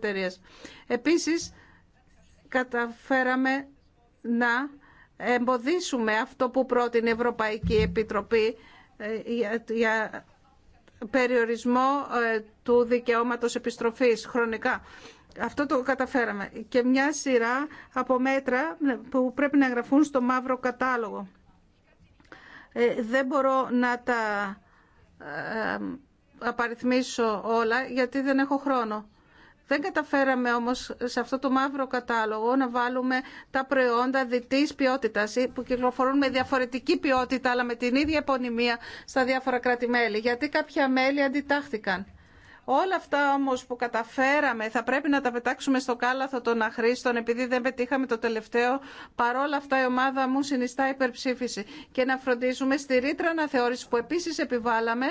Επίση, Επίσης, καταφέραμε να εμποδίσουμε αυτό που πρότεινε η Ευρωπαϊκή Επιτροπή ε, για περιορισμό ε, του δικαιώματος επιστροφής χρονικά. Αυτό το καταφέραμε. Και μια σειρά από μέτρα ε, που πρέπει να γραφούν στο μαύρο κατάλογο. Δεν μπορώ να τα απαριθμίσω όλα γιατί δεν έχω χρόνο. Δεν καταφέραμε όμως σε αυτό το μαύρο κατάλογο να βάλουμε τα προϊόντα διτής ποιότητας που κυκλοφορούν με διαφορετική ποιότητα αλλά με την ίδια επωνυμία στα διάφορα κράτη-μέλη. Γιατί κάποια μέλη αντιτάχθηκαν. Όλα αυτά όμως που καταφέραμε θα πρέπει να τα πετάξουμε στο κάλαθο των αχρήστων επειδή δεν πετύχαμε το τελευταίο. Παρόλα αυτά η ομάδα μου συνιστά υπερψήφιση και να φροντίσουμε στη ρήτρα αναθεώρηση που επίσης επιβάλαμε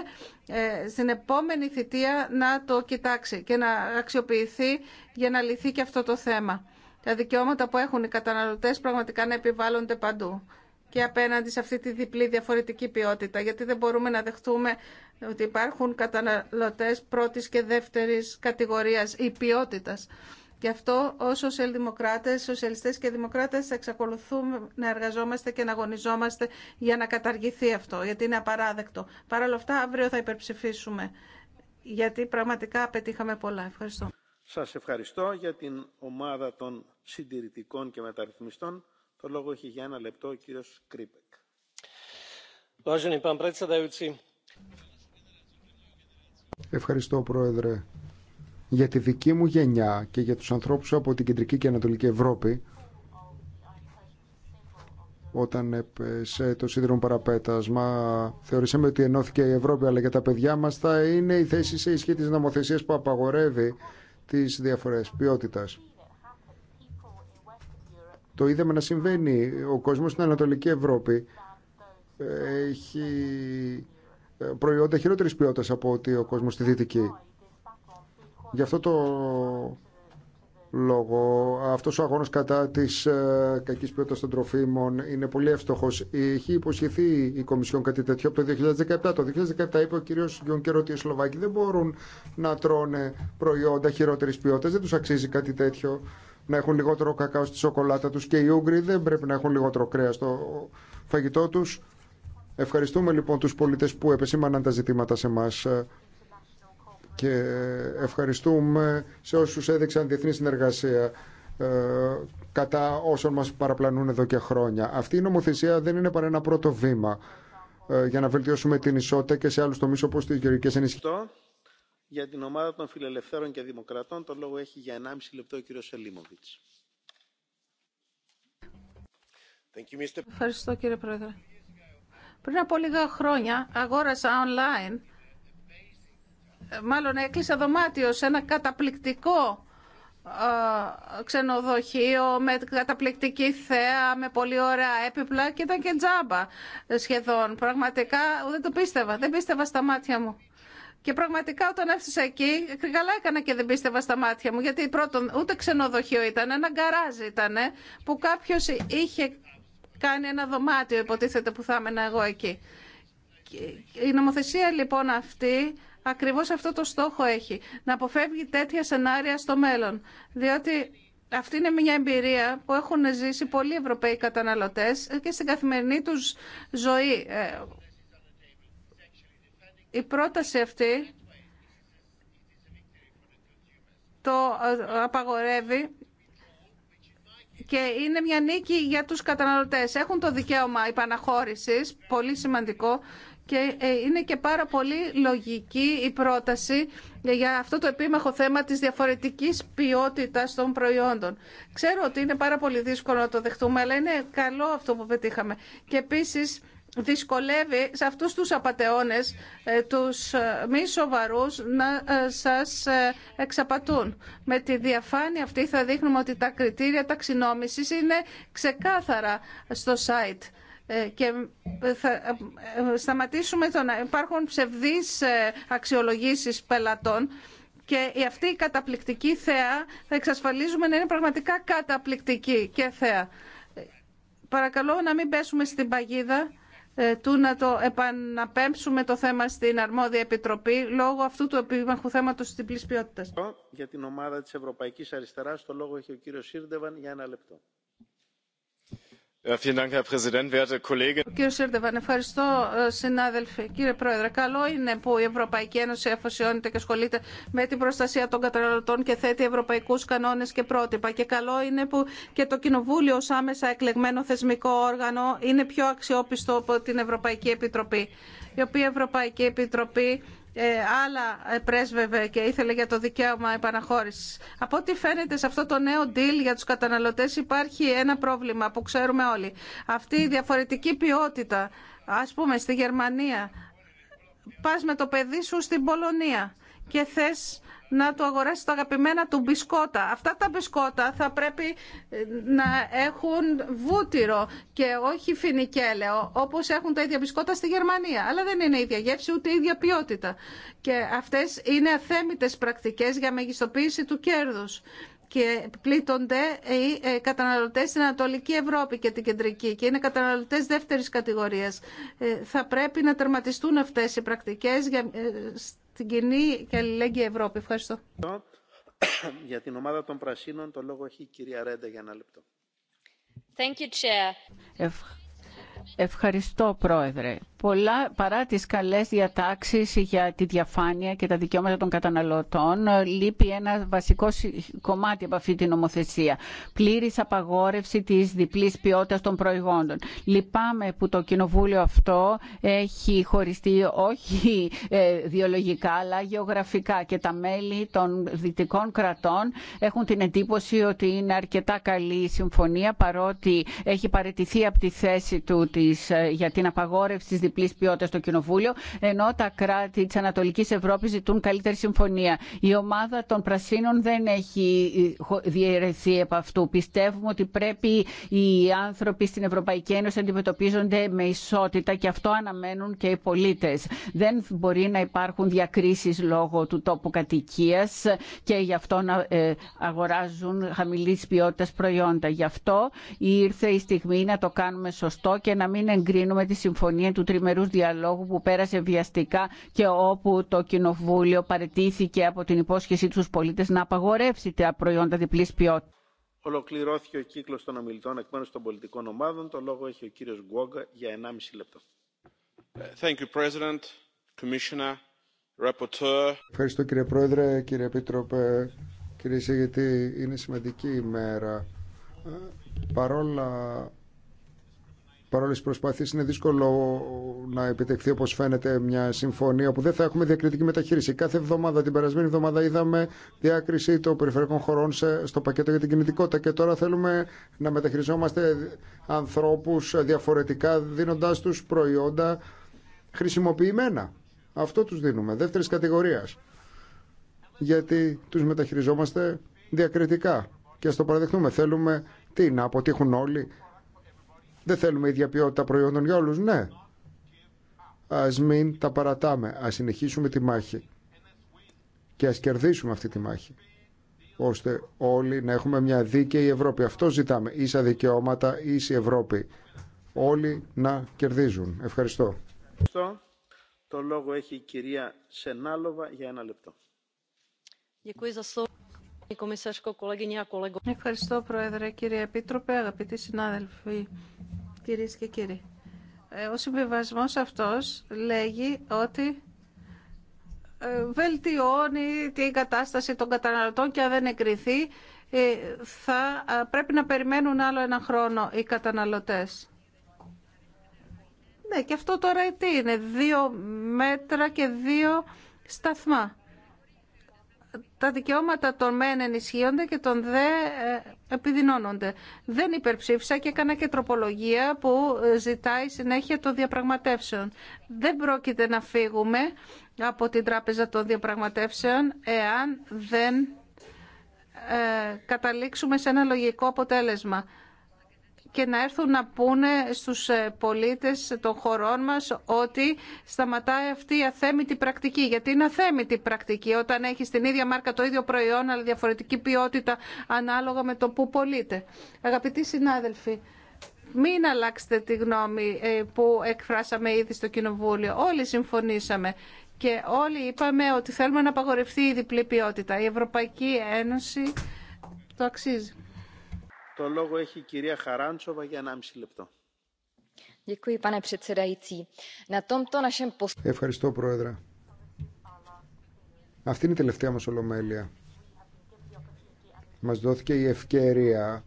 ε, στην επόμενη θητεία να το κοιτάξει και να αξιοποιηθεί για να λυθεί και αυτό το θέμα. Τα δικαιώματα που έχουν οι καταναλωτές πραγματικά να επιβάλλονται παντού και απέναντι σε αυτή τη διπλή διαφορετική ποιότητα, γιατί δεν μπορούμε να δεχτούμε ότι υπάρχουν καταναλωτές πρώτης και δεύτερης κατηγορίας ή ποιότητας. Γι' αυτό ως σοσιαλδημοκράτες, σοσιαλιστές και δημοκράτες θα εξακολουθούμε να εργαζόμαστε και να αγωνιζόμαστε για να καταργηθεί αυτό, γιατί είναι απαράδεκτο. Παρ' όλα αυτά αύριο θα υπερψηφίσουμε, γιατί πραγματικά πετύχαμε πολλά. Ευχαριστώ. Σας ευχαριστώ για την ομάδα των συντηρητικών και μεταρρυθμιστών. Το λόγο έχει για ένα λεπτό ο Ευχαριστώ Πρόεδρε. Για τη δική μου γενιά και για τους ανθρώπους από την Κεντρική και Ανατολική Ευρώπη όταν έπεσε το σύνδρομο παραπέτασμα. Θεωρήσαμε ότι ενώθηκε η Ευρώπη, αλλά για τα παιδιά μας θα είναι η θέση σε ισχύ της νομοθεσίας που απαγορεύει τις διαφορές ποιότητας. Το είδαμε να συμβαίνει. Ο κόσμος στην Ανατολική Ευρώπη ε, έχει ε, προϊόντα χειρότερης ποιότητας από ότι ο κόσμος στη Δυτική. Γι' αυτό το λόγο αυτός ο αγώνας κατά της ε, κακής ποιότητας των τροφίμων είναι πολύ εύστοχος. Έχει υποσχεθεί η Κομισιόν κάτι τέτοιο από το 2017. Το 2017 είπε ο κύριος Γιούνκερ ότι οι Σλοβάκοι δεν μπορούν να τρώνε προϊόντα χειρότερης ποιότητας. Δεν τους αξίζει κάτι τέτοιο να έχουν λιγότερο κακάο στη σοκολάτα τους και οι Ούγγροι δεν πρέπει να έχουν λιγότερο κρέας στο φαγητό τους. Ευχαριστούμε λοιπόν τους πολίτες που επεσήμαναν τα ζητήματα σε μας και ευχαριστούμε σε όσους έδειξαν διεθνή συνεργασία ε, κατά όσων μας παραπλανούν εδώ και χρόνια. Αυτή η νομοθεσία δεν είναι παρά ένα πρώτο βήμα ε, για να βελτιώσουμε την ισότητα και σε άλλους τομείς όπως τις γεωργικές ενισχύσεις. Για την ομάδα των Φιλελευθέρων και Δημοκρατών, Το λόγο έχει για 1,5 λεπτό ο κύριος Σελίμοβιτς. Ευχαριστώ κύριε Πρόεδρε. Πριν από λίγα χρόνια αγόρασα online, μάλλον έκλεισα δωμάτιο σε ένα καταπληκτικό ξενοδοχείο με καταπληκτική θέα, με πολύ ωραία έπιπλα και ήταν και τζάμπα σχεδόν. Πραγματικά δεν το πίστευα, δεν πίστευα στα μάτια μου. Και πραγματικά όταν έφτασα εκεί, καλά έκανα και δεν πίστευα στα μάτια μου, γιατί πρώτον ούτε ξενοδοχείο ήταν, ένα γκαράζ ήταν, που κάποιο είχε κάνει ένα δωμάτιο, υποτίθεται που θα έμενα εγώ εκεί. Η νομοθεσία λοιπόν αυτή ακριβώς αυτό το στόχο έχει, να αποφεύγει τέτοια σενάρια στο μέλλον. Διότι αυτή είναι μια εμπειρία που έχουν ζήσει πολλοί Ευρωπαίοι καταναλωτές και στην καθημερινή τους ζωή ε, η πρόταση αυτή το ε, απαγορεύει και είναι μια νίκη για τους καταναλωτές. Έχουν το δικαίωμα υπαναχώρησης, πολύ σημαντικό, και ε, είναι και πάρα πολύ λογική η πρόταση για αυτό το επίμαχο θέμα της διαφορετικής ποιότητας των προϊόντων. Ξέρω ότι είναι πάρα πολύ δύσκολο να το δεχτούμε, αλλά είναι καλό αυτό που πετύχαμε. Και επίσης δυσκολεύει σε αυτούς τους απατεώνες, ε, τους ε, μη σοβαρούς, να ε, σας εξαπατούν. Με τη διαφάνεια αυτή θα δείχνουμε ότι τα κριτήρια ταξινόμησης είναι ξεκάθαρα στο site και θα σταματήσουμε το να υπάρχουν ψευδείς αξιολογήσεις πελατών και αυτή η καταπληκτική θέα θα εξασφαλίζουμε να είναι πραγματικά καταπληκτική και θέα. Παρακαλώ να μην πέσουμε στην παγίδα ε, του να το επαναπέμψουμε το θέμα στην αρμόδια επιτροπή λόγω αυτού του επίμαχου θέματος της ποιότητα. Για την ομάδα της Ευρωπαϊκής Αριστεράς το λόγο έχει ο κύριος Σύρντεβαν για ένα λεπτό. Ε, Κύριε ευχαριστώ ε, συνάδελφοι. Κύριε Πρόεδρε, καλό είναι που η Ευρωπαϊκή Ένωση αφοσιώνεται και ασχολείται με την προστασία των καταναλωτών και θέτει ευρωπαϊκού κανόνε και πρότυπα. Και καλό είναι που και το Κοινοβούλιο ω άμεσα εκλεγμένο θεσμικό όργανο είναι πιο αξιόπιστο από την Ευρωπαϊκή Επιτροπή. Η οποία Ευρωπαϊκή Επιτροπή ε, άλλα ε, πρέσβευε και ήθελε για το δικαίωμα επαναχώρηση. Από ό,τι φαίνεται σε αυτό το νέο deal για τους καταναλωτές υπάρχει ένα πρόβλημα που ξέρουμε όλοι. Αυτή η διαφορετική ποιότητα, ας πούμε στη Γερμανία, πα με το παιδί σου στην Πολωνία και θες να του αγοράσει τα αγαπημένα του μπισκότα. Αυτά τα μπισκότα θα πρέπει ε, να έχουν βούτυρο και όχι φινικέλαιο, όπως έχουν τα ίδια μπισκότα στη Γερμανία. Αλλά δεν είναι η ίδια γεύση, ούτε η ίδια ποιότητα. Και αυτές είναι αθέμητες πρακτικές για μεγιστοποίηση του κέρδους και πλήττονται οι ε, καταναλωτές στην Ανατολική Ευρώπη και την Κεντρική και είναι καταναλωτές δεύτερης κατηγορίας. Ε, θα πρέπει να τερματιστούν αυτές οι πρακτικές στην κοινή και αλληλέγγυη Ευρώπη. Ευχαριστώ. Για την ομάδα των Πρασίνων το λόγο έχει η κυρία Ρέντα για ένα λεπτό. Thank you, Chair. Ευχαριστώ, Πρόεδρε πολλά, παρά τις καλές διατάξεις για τη διαφάνεια και τα δικαιώματα των καταναλωτών, λείπει ένα βασικό κομμάτι από αυτή την νομοθεσία. Πλήρης απαγόρευση της διπλής ποιότητας των προϊόντων. Λυπάμαι που το κοινοβούλιο αυτό έχει χωριστεί όχι διολογικά, ε, αλλά γεωγραφικά και τα μέλη των δυτικών κρατών έχουν την εντύπωση ότι είναι αρκετά καλή η συμφωνία παρότι έχει παραιτηθεί από τη θέση του της, ε, για την απαγόρευση της διπλή ποιότητα στο Κοινοβούλιο, ενώ τα κράτη τη Ανατολική Ευρώπη ζητούν καλύτερη συμφωνία. Η ομάδα των Πρασίνων δεν έχει ε, διαιρεθεί από αυτού. Πιστεύουμε ότι πρέπει οι άνθρωποι στην Ευρωπαϊκή Ένωση να αντιμετωπίζονται με ισότητα και αυτό αναμένουν και οι πολίτε. Δεν μπορεί να υπάρχουν διακρίσει λόγω του τόπου κατοικία και γι' αυτό να ε, αγοράζουν χαμηλή ποιότητα προϊόντα. Γι' αυτό ήρθε η στιγμή να το κάνουμε σωστό και να μην εγκρίνουμε τη συμφωνία του τριμερού διαλόγου που πέρασε βιαστικά και όπου το Κοινοβούλιο παρετήθηκε από την υπόσχεσή του στους πολίτες να απαγορεύσει τα προϊόντα διπλής ποιότητας. Ολοκληρώθηκε ο κύκλος των ομιλητών εκ μέρους των πολιτικών ομάδων. Το λόγο έχει ο κύριος Γκουόγκα για 1,5 λεπτό. Thank you, President, Commissioner, Rapporteur. Ευχαριστώ κύριε Πρόεδρε, κύριε Επίτροπε, κύριε Συγητή. Είναι σημαντική ημέρα. Ε, παρόλα Παρόλε τι προσπάθειε, είναι δύσκολο να επιτευχθεί όπω φαίνεται μια συμφωνία που δεν θα έχουμε διακριτική μεταχείριση. Κάθε εβδομάδα, την περασμένη εβδομάδα, είδαμε διάκριση των περιφερειακών χωρών στο πακέτο για την κινητικότητα και τώρα θέλουμε να μεταχειριζόμαστε ανθρώπου διαφορετικά, δίνοντά του προϊόντα χρησιμοποιημένα. Αυτό του δίνουμε, δεύτερη κατηγορία. Γιατί του μεταχειριζόμαστε διακριτικά. Και α το παραδεχτούμε. Θέλουμε τι, να αποτύχουν όλοι δεν θέλουμε ίδια ποιότητα προϊόντων για όλους, ναι. Ας μην τα παρατάμε, ας συνεχίσουμε τη μάχη και ας κερδίσουμε αυτή τη μάχη ώστε όλοι να έχουμε μια δίκαιη Ευρώπη. Αυτό ζητάμε, ίσα δικαιώματα, ίση Ευρώπη. Όλοι να κερδίζουν. Ευχαριστώ. Ευχαριστώ. Το λόγο έχει η κυρία Σενάλοβα για ένα λεπτό. Ευχαριστώ, Πρόεδρε, κύριε Επίτροπε, αγαπητοί συνάδελφοι, κυρίες και κύριοι. Ε, ο συμβιβασμό αυτός λέγει ότι ε, βελτιώνει την κατάσταση των καταναλωτών και αν δεν εγκριθεί ε, θα πρέπει να περιμένουν άλλο ένα χρόνο οι καταναλωτές. Ναι, και αυτό τώρα τι είναι, δύο μέτρα και δύο σταθμά τα δικαιώματα των μεν ενισχύονται και των δε ε, επιδεινώνονται. Δεν υπερψήφισα και έκανα και τροπολογία που ε, ζητάει συνέχεια των διαπραγματεύσεων. Δεν πρόκειται να φύγουμε από την Τράπεζα των Διαπραγματεύσεων εάν δεν ε, καταλήξουμε σε ένα λογικό αποτέλεσμα και να έρθουν να πούνε στους ε, πολίτες των χωρών μας ότι σταματάει αυτή η αθέμητη πρακτική. Γιατί είναι αθέμητη πρακτική όταν έχει την ίδια μάρκα το ίδιο προϊόν αλλά διαφορετική ποιότητα ανάλογα με το που πωλείται. Αγαπητοί συνάδελφοι, μην αλλάξετε τη γνώμη ε, που εκφράσαμε ήδη στο Κοινοβούλιο. Όλοι συμφωνήσαμε και όλοι είπαμε ότι θέλουμε να απαγορευτεί η διπλή ποιότητα. Η Ευρωπαϊκή Ένωση το αξίζει. Το λόγο έχει η κυρία Χαράντσοβα για λεπτό. Ευχαριστώ, Πρόεδρε. Αυτή είναι η τελευταία μας ολομέλεια. Μας δόθηκε η ευκαιρία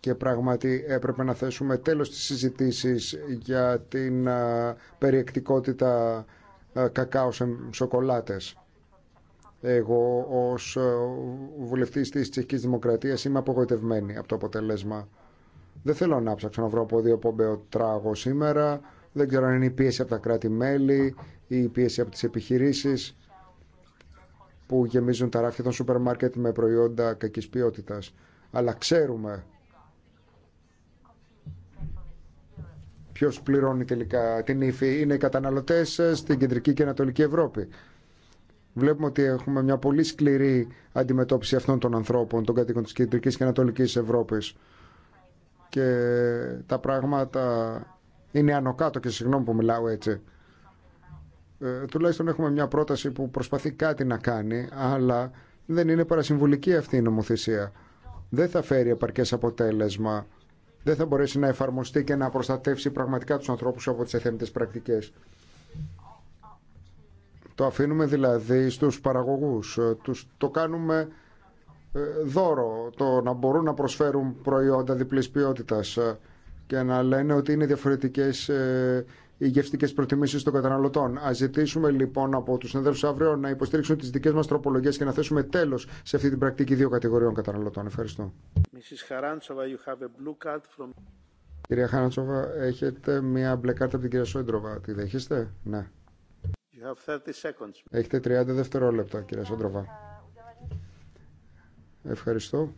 και πράγματι έπρεπε να θέσουμε τέλος της συζητήσεις για την περιεκτικότητα κακάο σε σοκολάτες. Εγώ ως ε, βουλευτής της Τσεχική Δημοκρατίας είμαι απογοητευμένη από το αποτέλεσμα. Δεν θέλω να ψάξω να βρω από δύο πομπέο τράγο σήμερα. Δεν ξέρω αν είναι η πίεση από τα κράτη-μέλη ή η πίεση από τις επιχειρήσεις που γεμίζουν τα ράφια των σούπερ μάρκετ με προϊόντα κακή ποιότητας. Αλλά ξέρουμε ποιο πληρώνει τελικά την ύφη. Είναι οι καταναλωτέ ε, στην κεντρική και ανατολική Ευρώπη. Βλέπουμε ότι έχουμε μια πολύ σκληρή αντιμετώπιση αυτών των ανθρώπων, των κατοίκων της Κεντρικής και Ανατολικής Ευρώπης. Και τα πράγματα είναι ανωκάτω και συγγνώμη που μιλάω έτσι. Ε, τουλάχιστον έχουμε μια πρόταση που προσπαθεί κάτι να κάνει, αλλά δεν είναι παρασυμβολική αυτή η νομοθεσία. Δεν θα φέρει επαρκές αποτέλεσμα. Δεν θα μπορέσει να εφαρμοστεί και να προστατεύσει πραγματικά τους ανθρώπους από τις εθέμητες πρακτικές. Το αφήνουμε δηλαδή στους παραγωγούς. Ε, τους, το κάνουμε ε, δώρο το να μπορούν να προσφέρουν προϊόντα διπλής ποιότητας ε, και να λένε ότι είναι διαφορετικές οι γευστικές προτιμήσεις των καταναλωτών. Ας ζητήσουμε λοιπόν από τους συνεδρούς αύριο να υποστήριξουν τις δικές μας τροπολογίες και να θέσουμε τέλος σε αυτή την πρακτική δύο κατηγοριών καταναλωτών. Ευχαριστώ. Κυρία Χαραντσόβα, έχετε μια μπλε κάρτα από την κυρία Σόντροβα. Τη δέχεστε? Ναι. Έχετε 30 δευτερόλεπτα, κυρία Σόντροβα. Ευχαριστώ.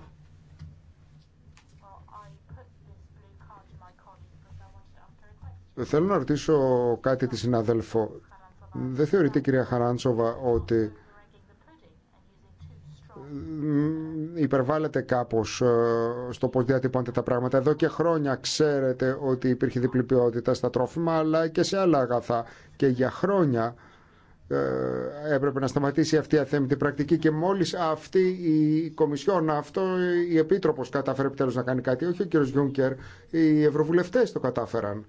Θέλω να ρωτήσω κάτι τη συναδέλφο. Δεν θεωρείτε, κυρία Χαράντσοβα, ότι υπερβάλλεται κάπως ε, στο πώς διατυπώνετε τα πράγματα. Εδώ και χρόνια ξέρετε ότι υπήρχε διπλή ποιότητα στα τρόφιμα, αλλά και σε άλλα αγαθά. Και για χρόνια ε, έπρεπε να σταματήσει αυτή η αθέμητη πρακτική και μόλις αυτή η Κομισιόν, αυτό η Επίτροπος κατάφερε επιτέλους να κάνει κάτι, όχι ο κύριος Γιούνκερ, οι Ευρωβουλευτές το κατάφεραν,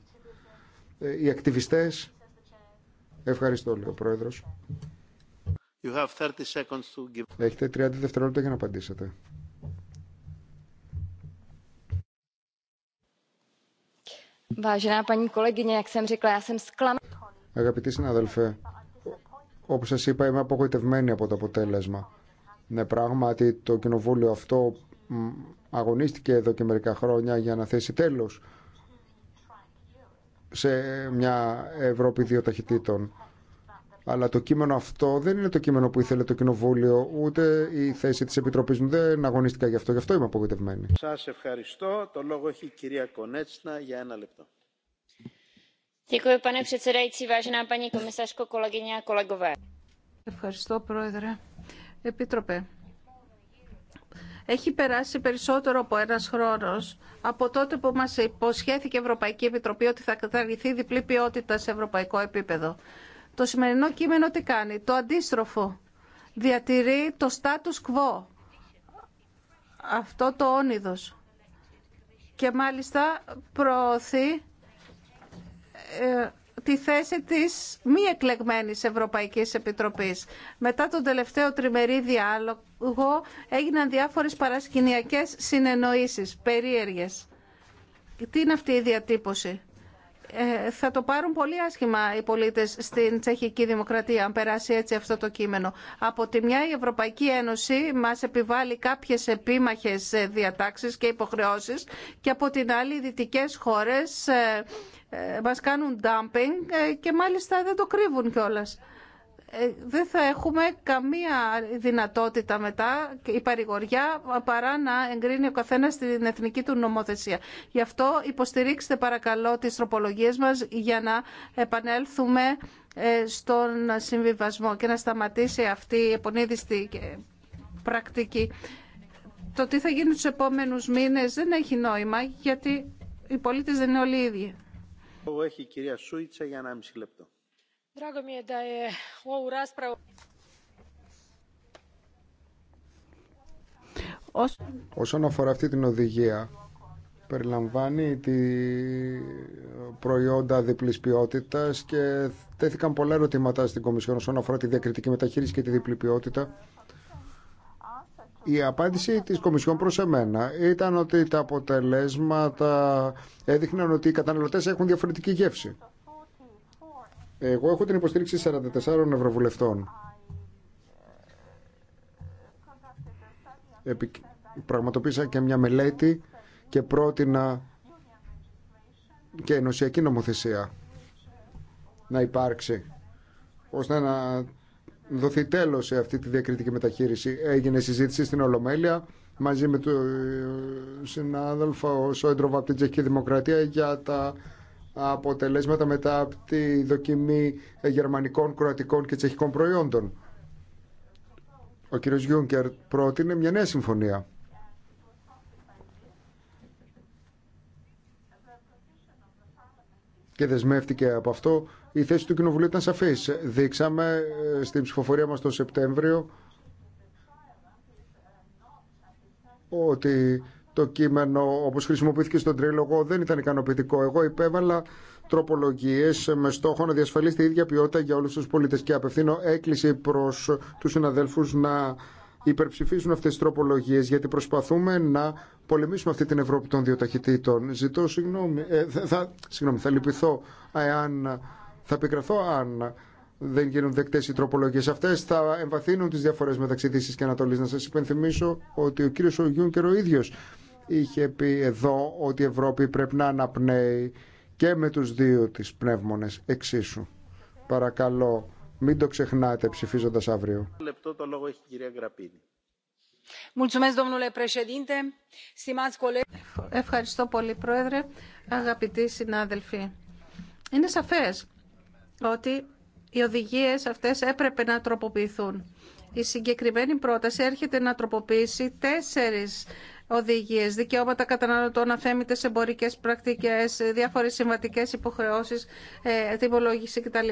ε, οι ακτιβιστές. Ευχαριστώ, λέει ο Πρόεδρος. Έχετε 30 δευτερόλεπτα για να απαντήσετε. Αγαπητοί Αγαπητή συνάδελφε, όπως σας είπα είμαι απογοητευμένη από το αποτέλεσμα. Ναι πράγματι το κοινοβούλιο αυτό αγωνίστηκε εδώ και μερικά χρόνια για να θέσει τέλος σε μια Ευρώπη δύο ταχυτήτων. Αλλά το κείμενο αυτό δεν είναι το κείμενο που ήθελε το Κοινοβούλιο, ούτε η θέση της Επιτροπής μου. Δεν αγωνίστηκα γι' αυτό, γι' αυτό είμαι απογοητευμένη. Σας ευχαριστώ. Το λόγο έχει η κυρία Κονέτσνα για ένα λεπτό. Ευχαριστώ, Πρόεδρε. Επίτροπε, έχει περάσει περισσότερο από ένας χρόνος από τότε που μας υποσχέθηκε η Ευρωπαϊκή Επιτροπή ότι θα καταργηθεί διπλή ποιότητα σε ευρωπαϊκό επίπεδο. Το σημερινό κείμενο τι κάνει, το αντίστροφο. Διατηρεί το status quo, αυτό το όνειρο. Και μάλιστα προωθεί ε, τη θέση της μη εκλεγμένης Ευρωπαϊκής Επιτροπής. Μετά τον τελευταίο τριμερή διάλογο έγιναν διάφορες παρασκηνιακές συνεννοήσεις, περίεργες. Τι είναι αυτή η διατύπωση. Ε, θα το πάρουν πολύ άσχημα οι πολίτες στην τσεχική δημοκρατία αν περάσει έτσι αυτό το κείμενο. Από τη μια η Ευρωπαϊκή Ένωση μας επιβάλλει κάποιες επίμαχες ε, διατάξεις και υποχρεώσεις και από την άλλη οι δυτικές χώρες ε, μας κάνουν dumping και μάλιστα δεν το κρύβουν κιόλας. Ε, δεν θα έχουμε καμία δυνατότητα μετά η παρηγοριά παρά να εγκρίνει ο καθένα την εθνική του νομοθεσία. Γι' αυτό υποστηρίξτε παρακαλώ τις τροπολογίες μας για να επανέλθουμε ε, στον συμβιβασμό και να σταματήσει αυτή η επονίδιστη ε, πρακτική. Το τι θα γίνει τους επόμενους μήνες δεν έχει νόημα γιατί οι πολίτες δεν είναι όλοι ίδιοι. Έχει κυρία Σούιτσα για λεπτό drago mi Όσον αφορά αυτή την οδηγία, περιλαμβάνει τη προϊόντα διπλής ποιότητας και τέθηκαν πολλά ερωτήματα στην Κομισιόν όσον αφορά τη διακριτική μεταχείριση και τη διπλή ποιότητα. Η απάντηση της Κομισιόν προς εμένα ήταν ότι τα αποτελέσματα έδειχναν ότι οι καταναλωτές έχουν διαφορετική γεύση. Εγώ έχω την υποστήριξη 44 ευρωβουλευτών. Επι... Πραγματοποίησα και μια μελέτη και πρότεινα και ενωσιακή νομοθεσία να υπάρξει ώστε να δοθεί τέλος σε αυτή τη διακριτική μεταχείριση. Έγινε συζήτηση στην Ολομέλεια μαζί με τον ε, συνάδελφο Σόιντροβα από την Τσεχική Δημοκρατία για τα αποτελέσματα μετά από τη δοκιμή γερμανικών, κροατικών και τσεχικών προϊόντων. Ο κύριος Γιούνκερ πρότεινε μια νέα συμφωνία. Και δεσμεύτηκε από αυτό. Η θέση του Κοινοβουλίου ήταν σαφής. Δείξαμε ε, στην ψηφοφορία μας το Σεπτέμβριο ότι το κείμενο όπως χρησιμοποιήθηκε στον τρίλογο δεν ήταν ικανοποιητικό. Εγώ υπέβαλα τροπολογίες με στόχο να διασφαλίσει τη ίδια ποιότητα για όλους τους πολίτες και απευθύνω έκκληση προς τους συναδέλφους να υπερψηφίσουν αυτές τις τροπολογίες γιατί προσπαθούμε να πολεμήσουμε αυτή την Ευρώπη των δύο ταχυτήτων. Ζητώ συγγνώμη, ε, θα, συγγνώμη, θα λυπηθώ εάν θα επικραθώ αν δεν γίνουν δεκτές οι τροπολογίες αυτές θα εμβαθύνουν τις διαφορές μεταξύ Δύσης και Ανατολής. Να σας υπενθυμίσω ότι ο κύριος Ογιούνκερ ο ίδιος είχε πει εδώ ότι η Ευρώπη πρέπει να αναπνέει και με τους δύο τις πνεύμονες εξίσου. Παρακαλώ, μην το ξεχνάτε ψηφίζοντας αύριο. Λεπτό το λόγο έχει κυρία Ευχαριστώ πολύ, Πρόεδρε. Αγαπητοί συνάδελφοι, είναι σαφές ότι οι οδηγίες αυτές έπρεπε να τροποποιηθούν. Η συγκεκριμένη πρόταση έρχεται να τροποποιήσει τέσσερις οδηγίες, δικαιώματα καταναλωτών, αθέμητες εμπορικές πρακτικές, διάφορες συμβατικές υποχρεώσεις, ε, τιμολόγηση κτλ.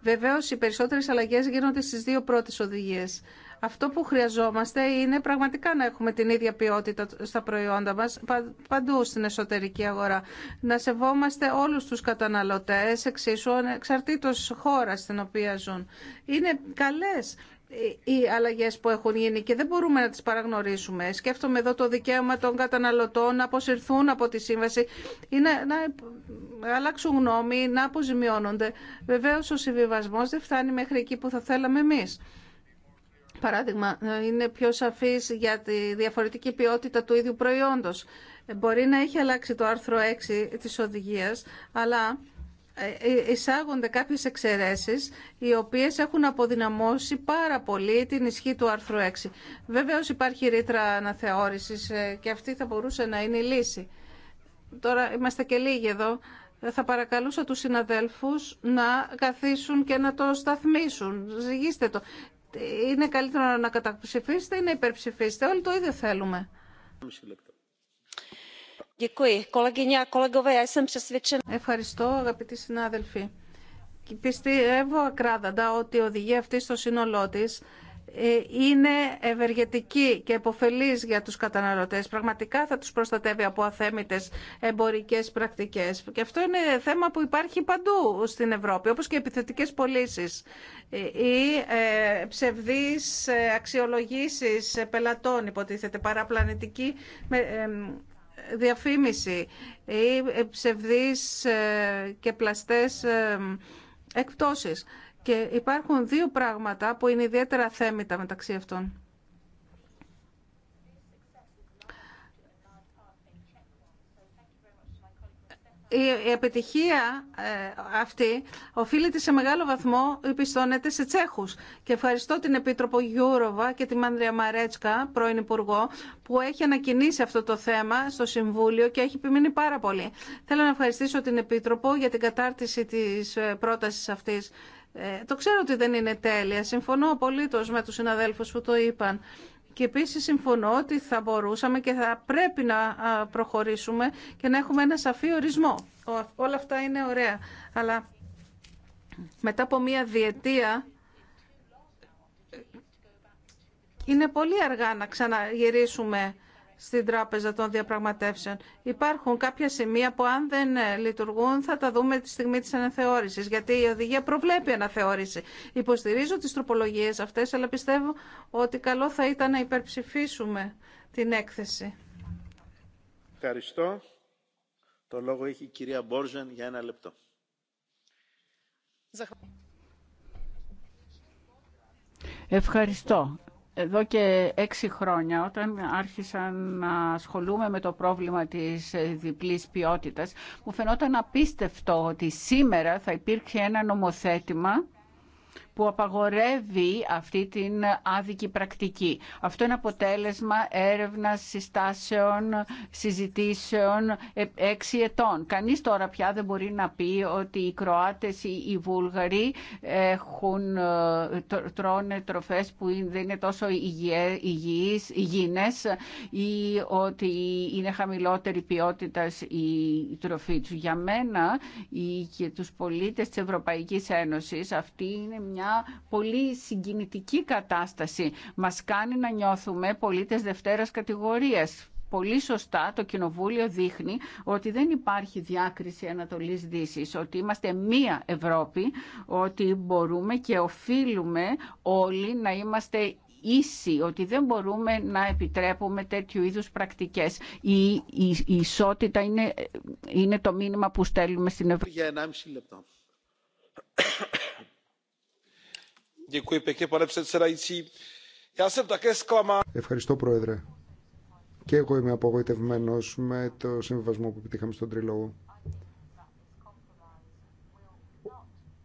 Βεβαίως, οι περισσότερες αλλαγέ γίνονται στις δύο πρώτες οδηγίες. Αυτό που χρειαζόμαστε είναι πραγματικά να έχουμε την ίδια ποιότητα στα προϊόντα μας παντού στην εσωτερική αγορά. Να σεβόμαστε όλου του καταναλωτέ, εξίσου εξαρτήτως χώρα στην οποία ζουν. Είναι καλέ. Ε, οι αλλαγές που έχουν γίνει και δεν μπορούμε να τις παραγνωρίσουμε. Σκέφτομαι εδώ το δικαίωμα των καταναλωτών να αποσυρθούν από τη σύμβαση να, να αλλάξουν γνώμη, να αποζημιώνονται. Βεβαίω ο συμβιβασμό δεν φτάνει μέχρι εκεί που θα θέλαμε εμεί. Παράδειγμα, ε, είναι πιο σαφής για τη διαφορετική ποιότητα του ίδιου προϊόντος. Ε, μπορεί να έχει αλλάξει το άρθρο 6 της οδηγίας, αλλά ε, ε, εισάγονται κάποιες εξαιρέσεις οι οποίες έχουν αποδυναμώσει πάρα πολύ την ισχύ του άρθρου 6. Βεβαίως υπάρχει ρήτρα αναθεώρησης ε, και αυτή θα μπορούσε να είναι η λύση. Τώρα είμαστε και λίγοι εδώ. Θα παρακαλούσα τους συναδέλφους να καθίσουν και να το σταθμίσουν. Ζυγίστε το. Είναι καλύτερο να καταψηφίσετε ή να υπερψηφίσετε. Όλοι το ίδιο θέλουμε. Ευχαριστώ αγαπητοί συνάδελφοι. Πιστεύω ακράδαντα ότι η οδηγία αυτή στο σύνολό τη ε, είναι ευεργετική και επωφελής για τους καταναλωτές. Πραγματικά θα τους προστατεύει από αθέμητες εμπορικές πρακτικές. Και αυτό είναι θέμα που υπάρχει παντού στην Ευρώπη, όπως και επιθετικές πωλήσει ε, ή ε, ψευδείς αξιολογήσεις πελατών, υποτίθεται, παραπλανητική διαφήμιση ή ψευδείς ε, και πλαστές ε, εκπτώσεις. Και υπάρχουν δύο πράγματα που είναι ιδιαίτερα θέμητα μεταξύ αυτών. η επιτυχία ε, αυτή οφείλεται σε μεγάλο βαθμό, υπιστώνεται σε Τσέχους. Και ευχαριστώ την Επίτροπο Γιούροβα και την Μάνδρια Μαρέτσκα, πρώην Υπουργό, που έχει ανακοινήσει αυτό το θέμα στο Συμβούλιο και έχει επιμείνει πάρα πολύ. Θέλω να ευχαριστήσω την Επίτροπο για την κατάρτιση της ε, πρότασης αυτής. Ε, το ξέρω ότι δεν είναι τέλεια. Συμφωνώ απολύτως με τους συναδέλφους που το είπαν. Και επίσης συμφωνώ ότι θα μπορούσαμε και θα πρέπει να προχωρήσουμε και να έχουμε ένα σαφή ορισμό. Όλα αυτά είναι ωραία. Αλλά μετά από μία διετία ε, είναι πολύ αργά να ξαναγυρίσουμε στην Τράπεζα των Διαπραγματεύσεων. Υπάρχουν κάποια σημεία που αν δεν ε, λειτουργούν θα τα δούμε τη στιγμή της αναθεώρησης, γιατί η οδηγία προβλέπει αναθεώρηση. Υποστηρίζω τις τροπολογίες αυτές, αλλά πιστεύω ότι καλό θα ήταν να υπερψηφίσουμε την έκθεση. Ευχαριστώ. Το λόγο έχει η κυρία Μπόρζεν για ένα λεπτό. Ευχαριστώ εδώ και έξι χρόνια όταν άρχισα να ασχολούμαι με το πρόβλημα της διπλής ποιότητας μου φαινόταν απίστευτο ότι σήμερα θα υπήρχε ένα νομοθέτημα που απαγορεύει αυτή την άδικη πρακτική. Αυτό είναι αποτέλεσμα έρευνας, συστάσεων, συζητήσεων ε, έξι ετών. Κανείς τώρα πια δεν μπορεί να πει ότι οι Κροάτες ή οι Βούλγαροι έχουν, ε, τρώνε τροφές που δεν είναι τόσο υγιείς, υγιεινές ή ότι είναι χαμηλότερη ποιότητα η τροφή τους. Για μένα και τους πολίτες της Ευρωπαϊκής Ένωσης αυτή είναι μια πολύ συγκινητική κατάσταση. Μας κάνει να νιώθουμε πολίτες δευτέρας κατηγορίας. Πολύ σωστά το Κοινοβούλιο δείχνει ότι δεν υπάρχει διάκριση Ανατολής Δύσης, ότι είμαστε μία Ευρώπη, ότι μπορούμε και οφείλουμε όλοι να είμαστε ίσοι. ότι δεν μπορούμε να επιτρέπουμε τέτοιου είδους πρακτικές. Η, ισότητα είναι, είναι το μήνυμα που στέλνουμε στην Ευρώπη. Για 1,5 λεπτό. Ευχαριστώ, Πρόεδρε. Και εγώ είμαι απογοητευμένο με το σύμβασμο που επιτύχαμε στον Τριλόγο.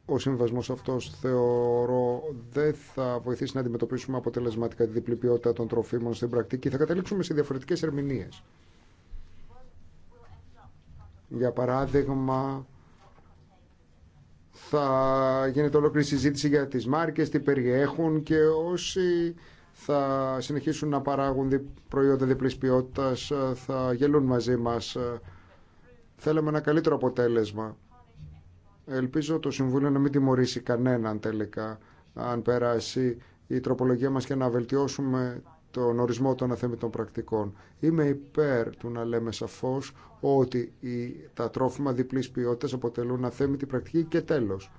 Ο σύμβασμος αυτό θεωρώ δεν θα βοηθήσει να αντιμετωπίσουμε αποτελεσματικά τη διπλή ποιότητα των τροφίμων στην πρακτική. Θα καταλήξουμε σε διαφορετικέ ερμηνείε. Για παράδειγμα, θα γίνεται ολόκληρη συζήτηση για τις μάρκες, τι περιέχουν και όσοι θα συνεχίσουν να παράγουν προϊόντα διπλής ποιότητας ε, θα γελούν μαζί μας. Ε, θέλουμε ένα καλύτερο αποτέλεσμα. Ελπίζω το Συμβούλιο να μην τιμωρήσει κανέναν τελικά αν περάσει η τροπολογία μας και να βελτιώσουμε τον ορισμό των αθέμητων πρακτικών. Είμαι υπέρ του να λέμε σαφώς ότι τα τρόφιμα διπλής ποιότητας αποτελούν αθέμητη πρακτική και τέλος.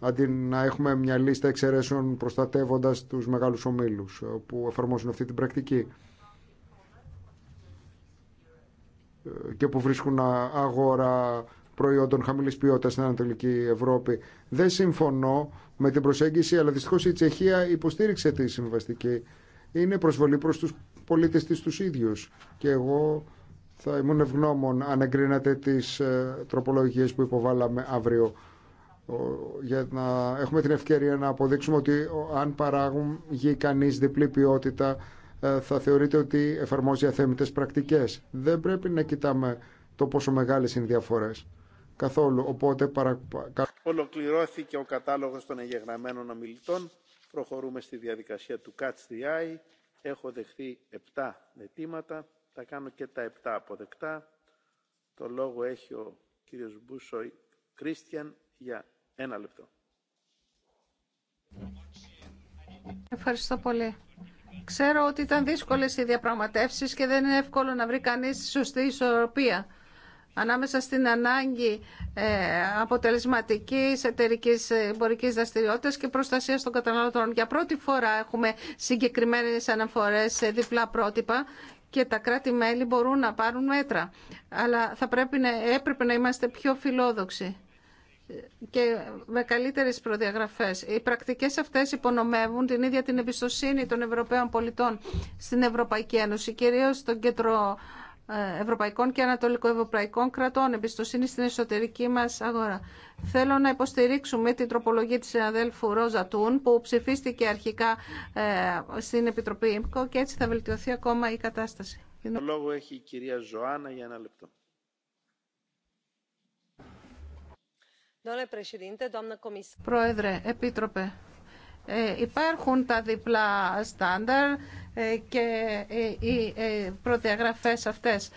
Αντί να έχουμε μια λίστα εξαιρέσεων προστατεύοντας τους μεγάλους ομίλους ε, που εφαρμόζουν αυτή την πρακτική ε, και που βρίσκουν ε, αγορά προϊόντων χαμηλή ποιότητα στην Ανατολική Ευρώπη. Δεν συμφωνώ με την προσέγγιση, αλλά δυστυχώ η Τσεχία υποστήριξε τη συμβαστική. Είναι προσβολή προ του πολίτε τη του ίδιου. Και εγώ θα ήμουν ευγνώμων αν εγκρίνατε τι ε, τροπολογίε που υποβάλαμε αύριο για να έχουμε την ευκαιρία να αποδείξουμε ότι αν παράγει κανείς διπλή ποιότητα ε, θα θεωρείται ότι εφαρμόζει αθέμητες πρακτικές. Δεν πρέπει να κοιτάμε το πόσο μεγάλες είναι οι διαφορές καθόλου. Οπότε Ολοκληρώθηκε ο κατάλογος των εγγεγραμμένων ομιλητών. Προχωρούμε στη διαδικασία του Catch the Eye. Έχω δεχθεί 7 αιτήματα. Θα κάνω και τα 7 αποδεκτά. Το λόγο έχει ο κύριος Μπούσο Κρίστιαν για ένα λεπτό. Ευχαριστώ πολύ. Ξέρω ότι ήταν δύσκολες οι διαπραγματεύσεις και δεν είναι εύκολο να βρει κανείς τη σωστή ισορροπία ανάμεσα στην ανάγκη ε, αποτελεσματικής εταιρικής ε, εμπορικής δραστηριότητας και προστασίας των καταναλωτών. Για πρώτη φορά έχουμε συγκεκριμένες αναφορές σε διπλά πρότυπα και τα κράτη-μέλη μπορούν να πάρουν μέτρα. Αλλά θα πρέπει να, έπρεπε να είμαστε πιο φιλόδοξοι και με καλύτερες προδιαγραφές. Οι πρακτικές αυτές υπονομεύουν την ίδια την εμπιστοσύνη των Ευρωπαίων πολιτών στην Ευρωπαϊκή Ένωση, κυρίως στον κέντρο ε, ευρωπαϊκών και ανατολικοευρωπαϊκών κρατών, εμπιστοσύνη στην εσωτερική μας αγορά. Θέλω να υποστηρίξουμε την τροπολογία της συναδέλφου Ρόζα Τούν που ψηφίστηκε αρχικά ε, στην Επιτροπή ΥΜΚΟ και έτσι θα βελτιωθεί ακόμα η κατάσταση. Το λόγο έχει η κυρία Ζωάνα για ένα λεπτό. Πρόεδρε, Επίτροπε, ε, υπάρχουν τα διπλά στάνταρ ε, και ε, οι προδιαγραφές αυτές.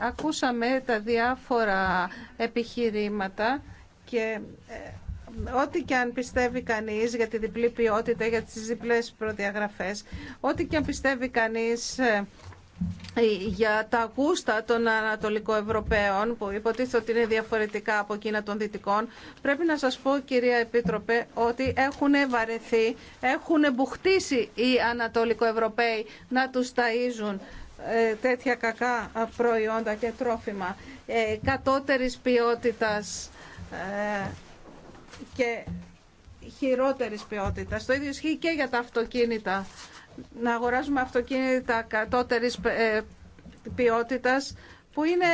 Ακούσαμε τα διάφορα επιχειρήματα και ό,τι και αν πιστεύει κανείς για τη διπλή ποιότητα, για τις διπλές προδιαγραφές, ό,τι και αν πιστεύει κανείς για τα γούστα των Ανατολικοευρωπαίων που υποτίθεται ότι είναι διαφορετικά από εκείνα των Δυτικών πρέπει να σας πω κυρία Επίτροπε ότι έχουν βαρεθεί έχουν μπουχτίσει οι Ανατολικοευρωπαίοι να τους ταΐζουν ε, τέτοια κακά προϊόντα και τρόφιμα ε, κατώτερης ποιότητας ε, και χειρότερης ποιότητας το ίδιο ισχύει και για τα αυτοκίνητα να αγοράζουμε αυτοκίνητα κατώτερης ε, ποιότητας που είναι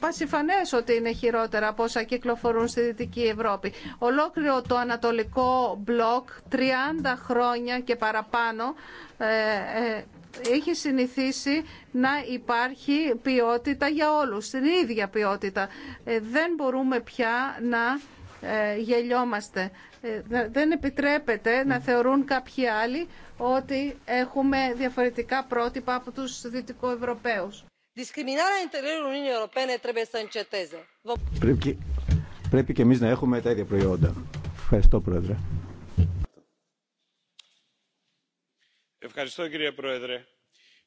πασιφανές ότι είναι χειρότερα από όσα κυκλοφορούν στη Δυτική Ευρώπη. Ολόκληρο το ανατολικό μπλοκ 30 χρόνια και παραπάνω ε, ε, έχει συνηθίσει να υπάρχει ποιότητα για όλους, την ίδια ποιότητα. Δεν μπορούμε πια να γελιόμαστε. Ε, δεν επιτρέπεται να θεωρούν κάποιοι άλλοι ότι έχουμε διαφορετικά πρότυπα από τους δυτικοευρωπαίους. Πρέπει, πρέπει και εμεί να έχουμε τα ίδια προϊόντα. Ευχαριστώ, Πρόεδρε. Ευχαριστώ, κύριε Πρόεδρε.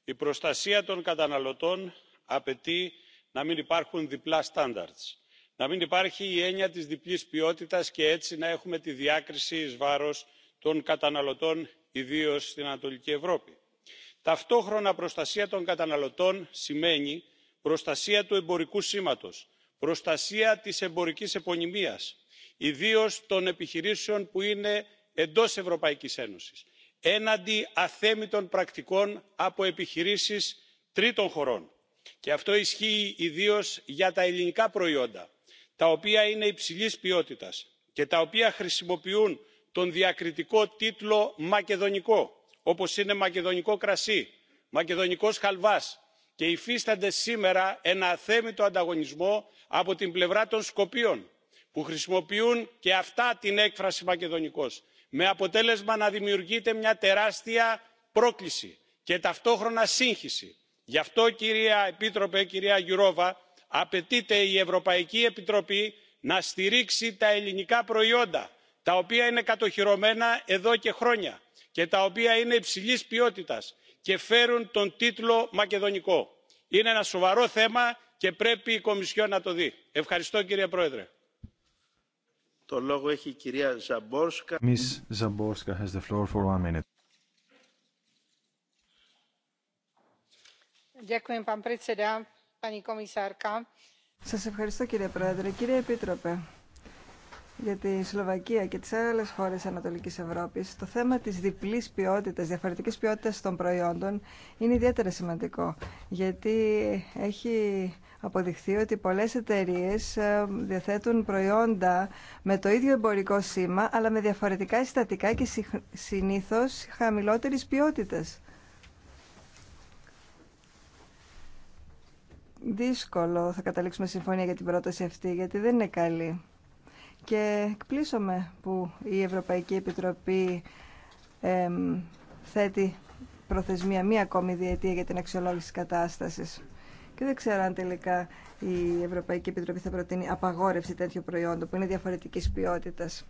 Η προστασία των καταναλωτών απαιτεί να μην υπάρχουν διπλά στάνταρτς να μην υπάρχει η έννοια της διπλής ποιότητας και έτσι να έχουμε τη διάκριση εις βάρος των καταναλωτών ιδίως στην ανατολική ευρώπη. ταυτόχρονα προστασία των καταναλωτών σημαίνει προστασία του εμπορικού σήματος προστασία της εμπορικής επωνυμίας ιδίως των επιχειρήσεων που είναι εντός ευρωπαϊκής ένωσης έναντι αθέμητων πρακτικών από επιχειρήσεις τρίτων χωρών και αυτό ισχύει ιδίως για τα ελληνικά προϊόντα τα οποία είναι υψηλής ποιότητας και τα οποία χρησιμοποιούν τον διακριτικό τίτλο μακεδονικό όπως είναι μακεδονικό κρασί μακεδονικός χαλβάς και υφίστανται σήμερα ένα αθέμητο ανταγωνισμό από την πλευρά των σκοπίων που χρησιμοποιούν και αυτά την έκφραση μακεδονικός με αποτέλεσμα να δημιουργείται μια τεράστια πρόκληση και ταυτόχρονα σύγχυση. γι' αυτό κυρία επίτροπε κυρία Γιουρόβα, απαιτείται η ευρωπαϊκή επιτροπή να στηρίξει τα ελληνικά προϊόντα τα οποία είναι κατοχυρωμένα εδώ και χρόνια και τα οποία είναι υψηλής ποιότητας και φέρουν τον τίτλο μακεδονικό. είναι ένα σοβαρό θέμα και πρέπει η κομισιόν να το δει. ευχαριστώ κύριε πρόεδρε. Σας ευχαριστώ κύριε Πρόεδρε. Κύριε Επίτροπε, για τη Σλοβακία και τις άλλες χώρες Ανατολικής Ευρώπης, το θέμα της διπλής ποιότητας, διαφορετικής ποιότητας των προϊόντων είναι ιδιαίτερα σημαντικό, γιατί έχει αποδειχθεί ότι πολλές εταιρείες ε, διαθέτουν προϊόντα με το ίδιο εμπορικό σήμα, αλλά με διαφορετικά συστατικά και συνήθως χαμηλότερης ποιότητας. δύσκολο θα καταλήξουμε συμφωνία για την πρόταση αυτή, γιατί δεν είναι καλή. Και εκπλήσωμαι που η Ευρωπαϊκή Επιτροπή ε, θέτει προθεσμία μία ακόμη διετία για την αξιολόγηση της κατάστασης. Και δεν ξέρω αν τελικά η Ευρωπαϊκή Επιτροπή θα προτείνει απαγόρευση τέτοιου προϊόντο που είναι διαφορετικής ποιότητας.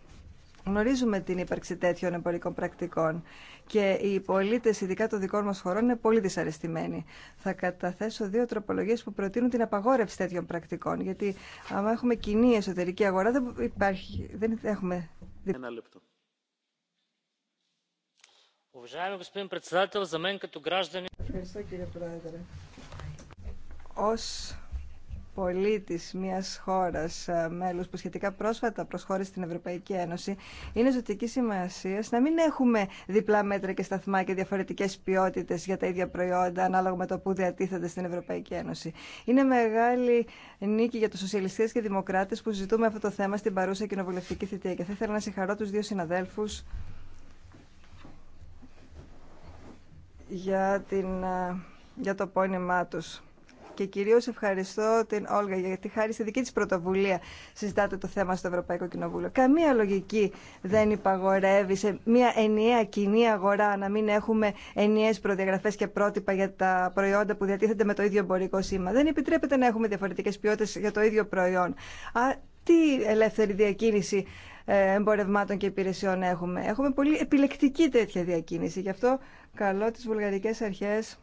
Γνωρίζουμε την ύπαρξη τέτοιων εμπορικών πρακτικών και οι πολίτε, ειδικά των δικών μα χωρών, είναι πολύ δυσαρεστημένοι. Θα καταθέσω δύο τροπολογίε που προτείνουν την απαγόρευση τέτοιων πρακτικών. Γιατί αν έχουμε κοινή εσωτερική αγορά, δεν υπάρχει. Δεν έχουμε. Ένα λεπτό. Ευχαριστώ κύριε Πρόεδρε. Ως πολίτης μιας χώρας ε, μέλους που σχετικά πρόσφατα προσχώρησε στην Ευρωπαϊκή Ένωση είναι ζωτική σημασία να μην έχουμε διπλά μέτρα και σταθμά και διαφορετικές ποιότητες για τα ίδια προϊόντα ανάλογα με το που διατίθεται στην Ευρωπαϊκή Ένωση. Είναι μεγάλη νίκη για τους σοσιαλιστές και δημοκράτες που ζητούμε αυτό το θέμα στην παρούσα κοινοβουλευτική θητεία και θα ήθελα να συγχαρώ τους δύο συναδέλφους για, την, ε, για το πόνημά τους και κυρίως ευχαριστώ την Όλγα γιατί χάρη στη δική της πρωτοβουλία συζητάτε το θέμα στο Ευρωπαϊκό Κοινοβούλιο. Καμία λογική δεν υπαγορεύει σε μια ενιαία κοινή αγορά να μην έχουμε ενιαίες προδιαγραφές και πρότυπα για τα προϊόντα που διατίθενται με το ίδιο εμπορικό σήμα. Δεν επιτρέπεται να έχουμε διαφορετικές ποιότητες για το ίδιο προϊόν. Α, τι ελεύθερη διακίνηση ε, εμπορευμάτων και υπηρεσιών έχουμε. Έχουμε πολύ επιλεκτική τέτοια διακίνηση. Γι' αυτό καλώ τις βουλγαρικές αρχές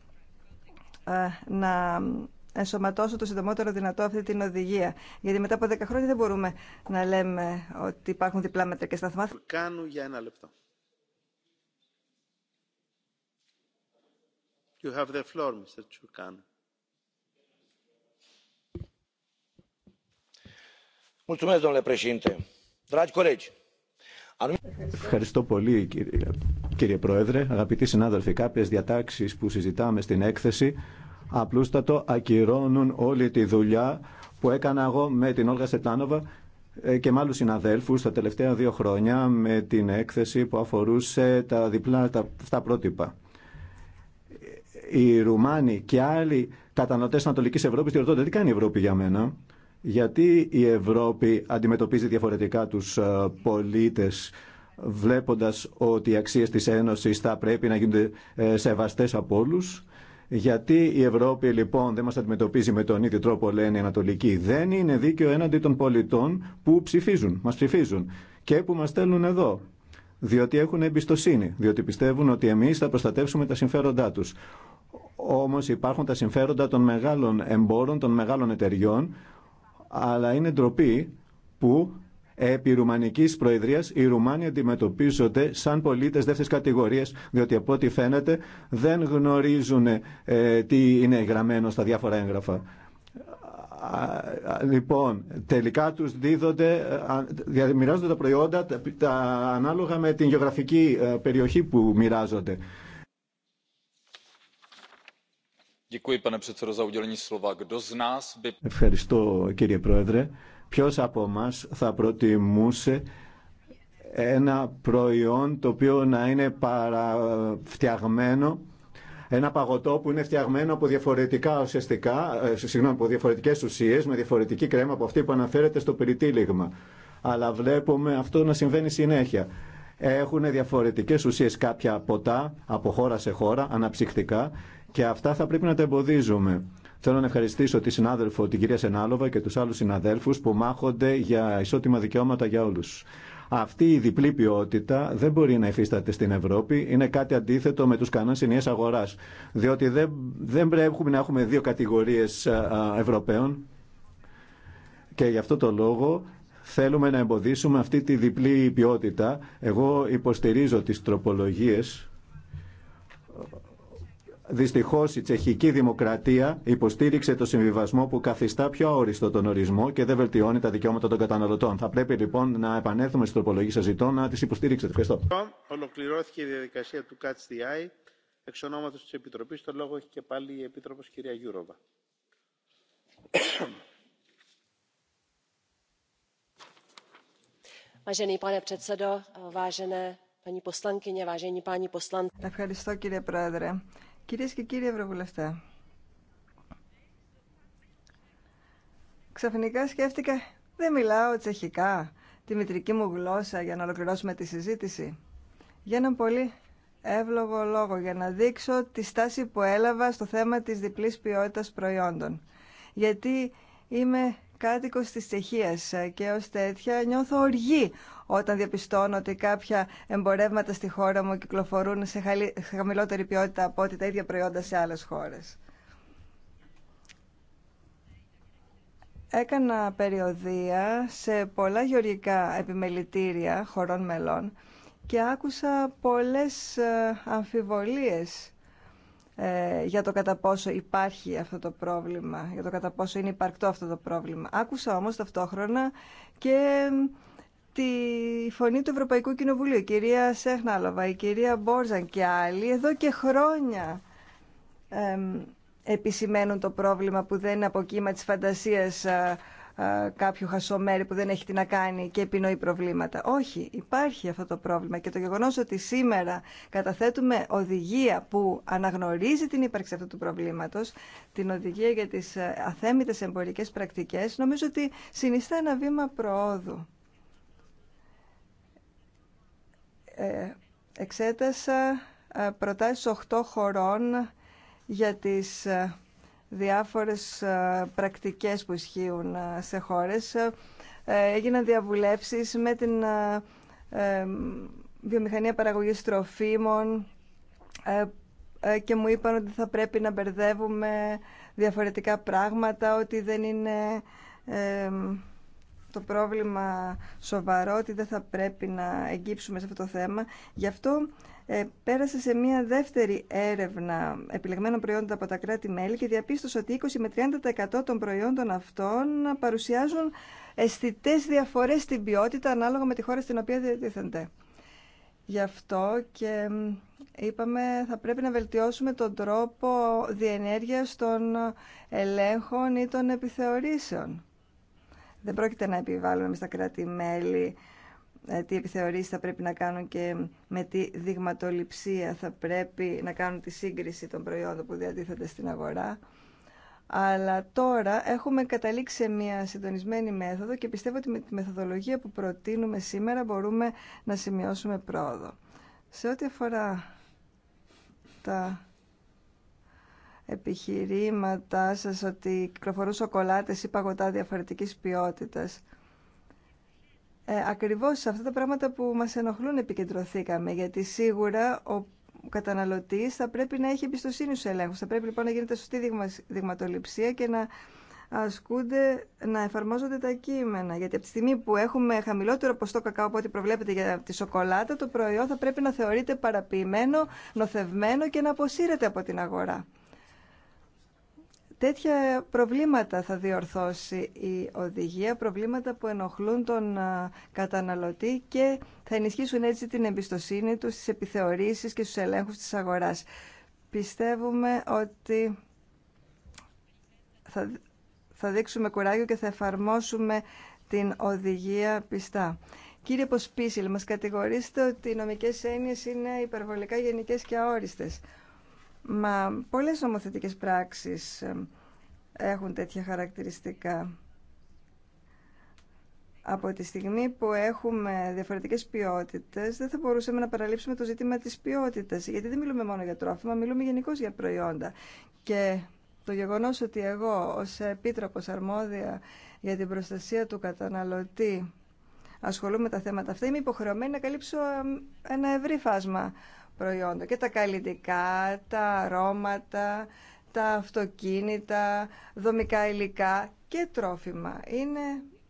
ε, να ενσωματώσω το συντομότερο δυνατό αυτή την οδηγία. Γιατί μετά από 10 χρόνια δεν μπορούμε να λέμε ότι υπάρχουν διπλά μέτρα και σταθμά. Κάνω Ευχαριστώ πολύ, κύριε, κύριε Πρόεδρε. Αγαπητοί συνάδελφοι, κάποιες διατάξεις που συζητάμε στην έκθεση απλούστατο ακυρώνουν όλη τη δουλειά που έκανα εγώ με την Όλγα Σετάνοβα ε, και με άλλους συναδέλφους τα τελευταία δύο χρόνια με την έκθεση που αφορούσε τα διπλά τα, αυτά πρότυπα. Ε, οι Ρουμάνοι και άλλοι κατανοτές Ανατολικής Ευρώπης διορτώνται τι κάνει η Ευρώπη για μένα. Γιατί η Ευρώπη αντιμετωπίζει διαφορετικά τους ε, πολίτες βλέποντας ότι οι αξίες της Ένωσης θα πρέπει να γίνονται σεβαστές από όλους γιατί η Ευρώπη λοιπόν δεν μας αντιμετωπίζει με τον ίδιο τρόπο λένε οι Ανατολικοί. Δεν είναι δίκαιο έναντι των πολιτών που ψηφίζουν, μας ψηφίζουν και που μας στέλνουν εδώ. Διότι έχουν εμπιστοσύνη, διότι πιστεύουν ότι εμείς θα προστατεύσουμε τα συμφέροντά τους. Όμως υπάρχουν τα συμφέροντα των μεγάλων εμπόρων, των μεγάλων εταιριών, αλλά είναι ντροπή που Επί Ρουμανική Προεδρία, οι Ρουμάνοι αντιμετωπίζονται σαν πολίτε δεύτερη κατηγορίας διότι από ό,τι φαίνεται δεν γνωρίζουν ε, τι είναι γραμμένο στα διάφορα έγγραφα. Λοιπόν, τελικά τους δίδονται, ε, μοιράζονται τα προϊόντα τα, ανάλογα με την γεωγραφική ε, περιοχή που μοιράζονται. Ευχαριστώ κύριε Πρόεδρε. Ποιος από μας θα προτιμούσε ένα προϊόν το οποίο να είναι παραφτιαγμένο ένα παγωτό που είναι φτιαγμένο από διαφορετικά ουσιαστικά, ε, συγγνώμη, από διαφορετικές ουσίες, με διαφορετική κρέμα από αυτή που αναφέρεται στο περιτύλιγμα. Αλλά βλέπουμε αυτό να συμβαίνει συνέχεια. Έχουν διαφορετικές ουσίες κάποια ποτά από χώρα σε χώρα, αναψυχτικά και αυτά θα πρέπει να τα εμποδίζουμε. Θέλω να ευχαριστήσω τη συνάδελφο, την κυρία Σενάλοβα και τους άλλους συναδέλφους που μάχονται για ισότιμα δικαιώματα για όλους. Αυτή η διπλή ποιότητα δεν μπορεί να υφίσταται στην Ευρώπη. Είναι κάτι αντίθετο με τους κανόνε ενιαία αγορά. Διότι δεν, δεν πρέπει να έχουμε δύο κατηγορίε Ευρωπαίων. Και γι' αυτό το λόγο θέλουμε να εμποδίσουμε αυτή τη διπλή ποιότητα. Εγώ υποστηρίζω τις τροπολογίες Δυστυχώ, η τσεχική δημοκρατία υποστήριξε το συμβιβασμό που καθιστά πιο αόριστο τον ορισμό και δεν βελτιώνει τα δικαιώματα των καταναλωτών. Θα πρέπει λοιπόν να επανέλθουμε στην τροπολογία σα ζητώ να τις υποστήριξετε. Ευχαριστώ. Ολοκληρώθηκε η διαδικασία του Catch the Εξ της Επιτροπής το λόγο έχει και πάλι η Επίτροπο κυρία Γιούροβα. Ευχαριστώ κύριε Πρόεδρε. Κυρίες και κύριοι Ευρωβουλευτά, ξαφνικά σκέφτηκα δεν μιλάω τσεχικά, τη μητρική μου γλώσσα για να ολοκληρώσουμε τη συζήτηση. Για έναν πολύ εύλογο λόγο, για να δείξω τη στάση που έλαβα στο θέμα της διπλής ποιότητας προϊόντων. Γιατί είμαι κάτοικος της Τσεχίας και ως τέτοια νιώθω οργή όταν διαπιστώνω ότι κάποια εμπορεύματα στη χώρα μου κυκλοφορούν σε χαμηλότερη ποιότητα από ό,τι τα ίδια προϊόντα σε άλλες χώρες. Έκανα περιοδία σε πολλά γεωργικά επιμελητήρια χωρών μελών και άκουσα πολλές ε, αμφιβολίες ε, για το κατά πόσο υπάρχει αυτό το πρόβλημα, για το κατά πόσο είναι υπαρκτό αυτό το πρόβλημα. Άκουσα όμως ταυτόχρονα και τη φωνή του Ευρωπαϊκού Κοινοβουλίου, η κυρία Σέχναλοβα, η κυρία Μπόρζαν και άλλοι, εδώ και χρόνια εμ, επισημαίνουν το πρόβλημα που δεν είναι από κύμα της φαντασίας α, κάποιου χασομέρι που δεν έχει τι να κάνει και επινοεί προβλήματα. Όχι, υπάρχει αυτό το πρόβλημα και το γεγονός ότι σήμερα καταθέτουμε οδηγία που αναγνωρίζει την ύπαρξη αυτού του προβλήματος, την οδηγία για τις ε, αθέμητες εμπορικές πρακτικές, νομίζω ότι συνιστά ένα βήμα προόδου. Ε, εξέτασα ε, προτάσεις 8 χωρών για τις ε, διάφορες πρακτικές που ισχύουν σε χώρες. Έγιναν διαβουλεύσεις με την βιομηχανία παραγωγής τροφίμων και μου είπαν ότι θα πρέπει να μπερδεύουμε διαφορετικά πράγματα, ότι δεν είναι το πρόβλημα σοβαρό, ότι δεν θα πρέπει να εγκύψουμε σε αυτό το θέμα. Γι' αυτό ε, πέρασε σε μια δεύτερη έρευνα επιλεγμένων προϊόντων από τα κράτη-μέλη και διαπίστωσα ότι 20 με 30% των προϊόντων αυτών παρουσιάζουν αισθητέ διαφορές στην ποιότητα ανάλογα με τη χώρα στην οποία διατίθενται. Γι' αυτό και είπαμε θα πρέπει να βελτιώσουμε τον τρόπο διενέργειας των ελέγχων ή των επιθεωρήσεων. Δεν πρόκειται να επιβάλλουμε στα τα κράτη-μέλη ε, τι επιθεωρήσει θα πρέπει να κάνουν και με τι δειγματοληψία θα πρέπει να κάνουν τη σύγκριση των προϊόντων που διατίθεται στην αγορά. Αλλά τώρα έχουμε καταλήξει σε μια συντονισμένη μέθοδο και πιστεύω ότι με τη μεθοδολογία που προτείνουμε σήμερα μπορούμε να σημειώσουμε πρόοδο. Σε ό,τι αφορά τα επιχειρήματά σας ότι κυκλοφορούν σοκολάτες ή παγωτά διαφορετικής ποιότητας. Ε, ακριβώς σε αυτά τα πράγματα που μας ενοχλούν επικεντρωθήκαμε, γιατί σίγουρα ο καταναλωτής θα πρέπει να έχει εμπιστοσύνη στους ελέγχους. Θα πρέπει λοιπόν να γίνεται σωστή δειγματοληψία και να ασκούνται να εφαρμόζονται τα κείμενα. Γιατί από τη στιγμή που έχουμε χαμηλότερο ποστό κακάο από ό,τι προβλέπετε για τη σοκολάτα, το προϊόν θα πρέπει να θεωρείται παραποιημένο, νοθευμένο και να αποσύρεται από την αγορά τέτοια προβλήματα θα διορθώσει η οδηγία, προβλήματα που ενοχλούν τον ε, καταναλωτή και θα ενισχύσουν έτσι την εμπιστοσύνη του στις επιθεωρήσεις και στους ελέγχους της αγοράς. Πιστεύουμε ότι θα, θα δείξουμε κουράγιο και θα εφαρμόσουμε την οδηγία πιστά. Κύριε Ποσπίσιλ, μας κατηγορήσετε ότι οι νομικές έννοιες είναι υπερβολικά γενικές και αόριστες. Μα πολλές νομοθετικές πράξεις ε, έχουν τέτοια χαρακτηριστικά. Από τη στιγμή που έχουμε διαφορετικές ποιότητες, δεν θα μπορούσαμε να παραλείψουμε το ζήτημα της ποιότητας. Γιατί δεν μιλούμε μόνο για τρόφιμα, μιλούμε γενικώ για προϊόντα. Και το γεγονός ότι εγώ ως επίτροπος αρμόδια για την προστασία του καταναλωτή ασχολούμαι με τα θέματα αυτά, είμαι υποχρεωμένη να καλύψω ε, ένα ευρύ φάσμα προϊόντα και τα καλλιτικά, τα αρώματα, τα αυτοκίνητα, δομικά υλικά και τρόφιμα. Είναι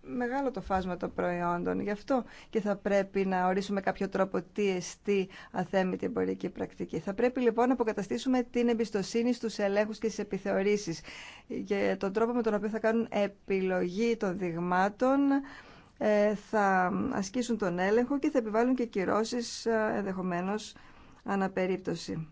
μεγάλο το φάσμα των προϊόντων. Γι' αυτό και θα πρέπει να ορίσουμε κάποιο τρόπο τι εστί αθέμητη εμπορική πρακτική. Θα πρέπει λοιπόν να αποκαταστήσουμε την εμπιστοσύνη στους ελέγχους και στις επιθεωρήσεις. και τον τρόπο με τον οποίο θα κάνουν επιλογή των δειγμάτων ε, θα ασκήσουν τον έλεγχο και θα επιβάλλουν και κυρώσεις ε, ενδεχομένως αναπερίπτωση.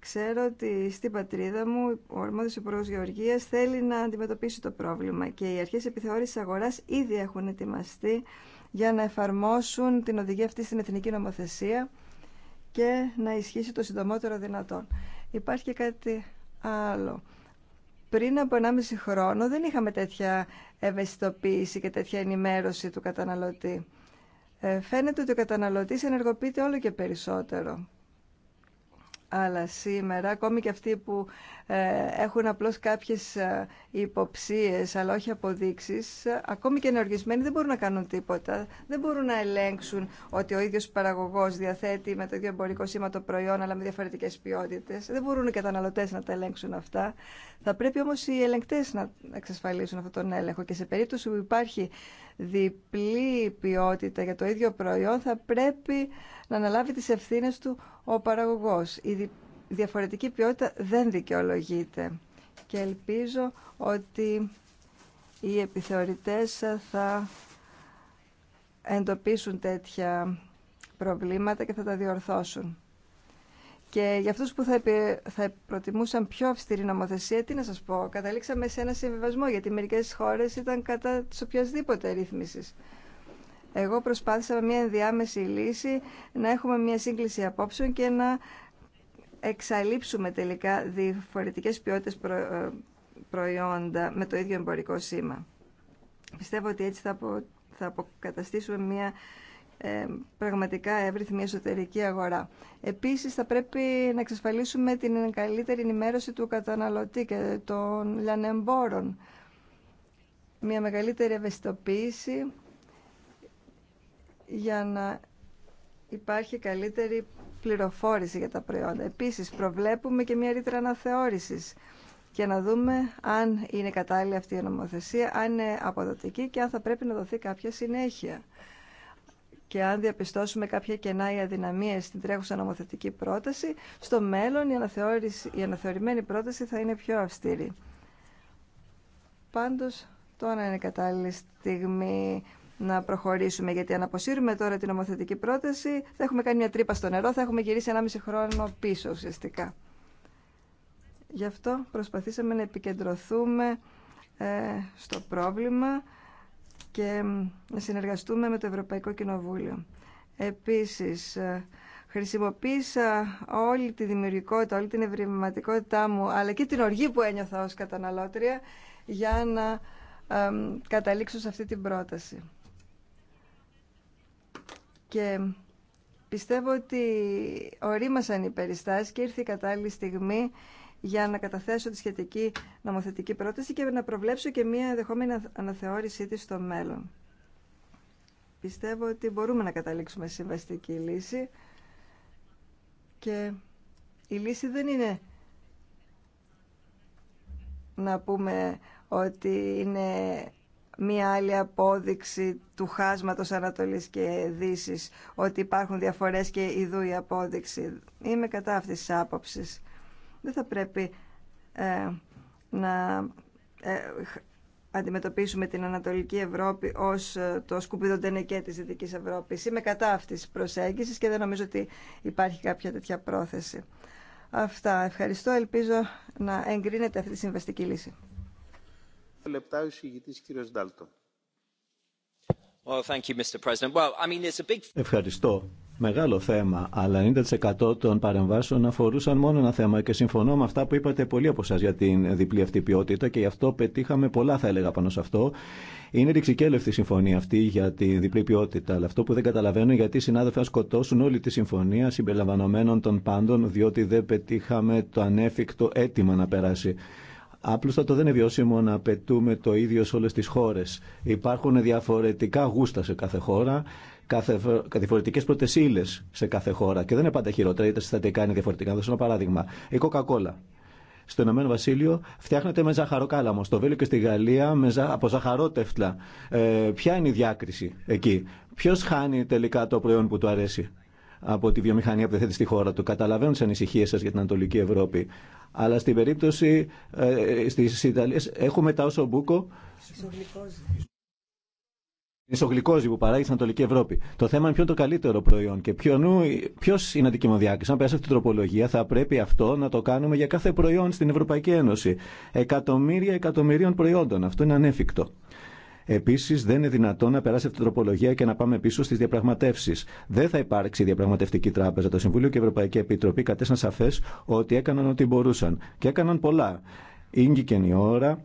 Ξέρω ότι στην πατρίδα μου ο αρμόδιος Υπουργός Γεωργίας θέλει να αντιμετωπίσει το πρόβλημα και οι αρχές επιθεώρησης αγοράς ήδη έχουν ετοιμαστεί για να εφαρμόσουν την οδηγία αυτή στην εθνική νομοθεσία και να ισχύσει το συντομότερο δυνατόν. Υπάρχει και κάτι άλλο. Πριν από 1,5 χρόνο δεν είχαμε τέτοια ευαισθητοποίηση και τέτοια ενημέρωση του καταναλωτή. Ε, φαίνεται ότι ο καταναλωτής ενεργοποιείται όλο και περισσότερο. Αλλά σήμερα, ακόμη και αυτοί που ε, έχουν απλώς κάποιες ε, υποψίες, αλλά όχι αποδείξεις, ακόμη και ενεργισμένοι δεν μπορούν να κάνουν τίποτα. Δεν μπορούν να ελέγξουν ότι ο ίδιος παραγωγός διαθέτει με το ίδιο εμπορικό σήμα το προϊόν, αλλά με διαφορετικές ποιότητες. Δεν μπορούν οι καταναλωτές να τα ελέγξουν αυτά. Θα πρέπει όμως οι ελεγκτές να εξασφαλίσουν αυτόν τον έλεγχο. Και σε περίπτωση που υπάρχει διπλή ποιότητα για το ίδιο προϊόν θα πρέπει να αναλάβει τις ευθύνες του ο παραγωγός. Η διαφορετική ποιότητα δεν δικαιολογείται και ελπίζω ότι οι επιθεωρητές θα εντοπίσουν τέτοια προβλήματα και θα τα διορθώσουν. Και για αυτούς που θα, επι... θα προτιμούσαν πιο αυστηρή νομοθεσία, τι να σας πω, καταλήξαμε σε ένα συμβιβασμό, γιατί μερικές χώρες ήταν κατά της οποιασδήποτε ρύθμισης. Εγώ προσπάθησα με μια ενδιάμεση λύση να έχουμε μια σύγκληση απόψεων και να εξαλείψουμε τελικά διαφορετικές ποιότητες ε, προϊόντα με το ίδιο εμπορικό σήμα. Πιστεύω ότι έτσι θα, θα αποκαταστήσουμε μια ε, πραγματικά εύρυθμη εσωτερική αγορά. Επίσης θα πρέπει να εξασφαλίσουμε την καλύτερη ενημέρωση του καταναλωτή και των λιανεμπόρων. Μια μεγαλύτερη ευαισθητοποίηση για να υπάρχει καλύτερη πληροφόρηση για τα προϊόντα. Επίσης προβλέπουμε και μια ρήτρα αναθεώρησης και να δούμε αν είναι κατάλληλη αυτή η νομοθεσία, αν είναι αποδοτική και αν θα πρέπει να δοθεί κάποια συνέχεια και αν διαπιστώσουμε κάποια κενά ή αδυναμίες στην τρέχουσα νομοθετική πρόταση, στο μέλλον η, αναθεώρηση, η αναθεωρημένη πρόταση θα είναι πιο αυστηρή. Πάντως, τώρα είναι κατάλληλη στιγμή να προχωρήσουμε, γιατί αν αποσύρουμε τώρα την νομοθετική πρόταση, θα έχουμε κάνει μια τρύπα στο μελλον η αναθεωρημενη προταση θα έχουμε γυρίσει 1,5 χρόνο πίσω ουσιαστικά. Γι' αυτό προσπαθήσαμε να επικεντρωθούμε ε, στο πρόβλημα και να συνεργαστούμε με το Ευρωπαϊκό Κοινοβούλιο. Επίσης, ε, χρησιμοποίησα όλη τη δημιουργικότητα, όλη την ευρηματικότητά μου, αλλά και την οργή που ένιωθα ως καταναλώτρια, για να ε, καταλήξω σε αυτή την πρόταση. Και πιστεύω ότι ορίμασαν οι περιστάσεις και ήρθε η κατάλληλη στιγμή για να καταθέσω τη σχετική νομοθετική πρόταση και να προβλέψω και μία ενδεχόμενη αναθεώρησή της στο μέλλον. Πιστεύω ότι μπορούμε να καταλήξουμε σε συμβαστική λύση και η λύση δεν είναι να πούμε ότι είναι μία άλλη απόδειξη του χάσματος Ανατολής και Δύσης, ότι υπάρχουν διαφορές και ιδού η απόδειξη. Είμαι κατά αυτής της άποψης δεν θα πρέπει ε, να ε, αντιμετωπίσουμε την Ανατολική Ευρώπη ως ε, το σκουπίδο τενεκέ της Δυτικής Ευρώπης. Είμαι κατά αυτής της προσέγγισης και δεν νομίζω ότι υπάρχει κάποια τέτοια πρόθεση. Αυτά. Ευχαριστώ. Ελπίζω να εγκρίνεται αυτή τη συμβαστική λύση. Ευχαριστώ μεγάλο θέμα, αλλά 90% των παρεμβάσεων αφορούσαν μόνο ένα θέμα και συμφωνώ με αυτά που είπατε πολλοί από εσά για την διπλή αυτή ποιότητα και γι' αυτό πετύχαμε πολλά, θα έλεγα, πάνω σε αυτό. Είναι ρηξικέλευτη η συμφωνία αυτή για την διπλή ποιότητα, αλλά αυτό που δεν καταλαβαίνω γιατί οι συνάδελφοι σκοτώσουν όλη τη συμφωνία συμπεριλαμβανομένων των πάντων, διότι δεν πετύχαμε το ανέφικτο αίτημα να περάσει. Απλούστα το δεν είναι βιώσιμο να απαιτούμε το ίδιο σε όλες τις χώρε. Υπάρχουν διαφορετικά γούστα σε κάθε χώρα διαφορετικέ πρωτεσίλε σε κάθε χώρα και δεν είναι πάντα χειρότερα, τα συστατικά είναι διαφορετικά. Να δώσω ένα παράδειγμα. Η Coca-Cola. Στο Ηνωμένο Βασίλειο φτιάχνεται με ζαχαροκάλαμο. Στο Βέλιο και στη Γαλλία με ζα... από ζαχαρότευτλα. Ε, ποια είναι η διάκριση εκεί. Ποιο χάνει τελικά το προϊόν που του αρέσει από τη βιομηχανία που θέτει στη χώρα του. Καταλαβαίνω τι ανησυχίε σα για την Ανατολική Ευρώπη. Αλλά στην περίπτωση ε, ε τη έχουμε τα όσο μπούκο. Είναι γλυκόζι που παράγει στην Ανατολική Ευρώπη. Το θέμα είναι ποιο είναι το καλύτερο προϊόν και ποιο είναι αντικειμενοδιάκη. Αν περάσει αυτή την τροπολογία, θα πρέπει αυτό να το κάνουμε για κάθε προϊόν στην Ευρωπαϊκή Ένωση. Εκατομμύρια εκατομμυρίων προϊόντων. Αυτό είναι ανέφικτο. Επίση, δεν είναι δυνατόν να περάσει αυτή την τροπολογία και να πάμε πίσω στι διαπραγματεύσει. Δεν θα υπάρξει διαπραγματευτική τράπεζα. Το Συμβούλιο και η Ευρωπαϊκή Επιτροπή κατέσαν σαφέ ότι έκαναν ό,τι μπορούσαν. Και έκαναν πολλά. η ώρα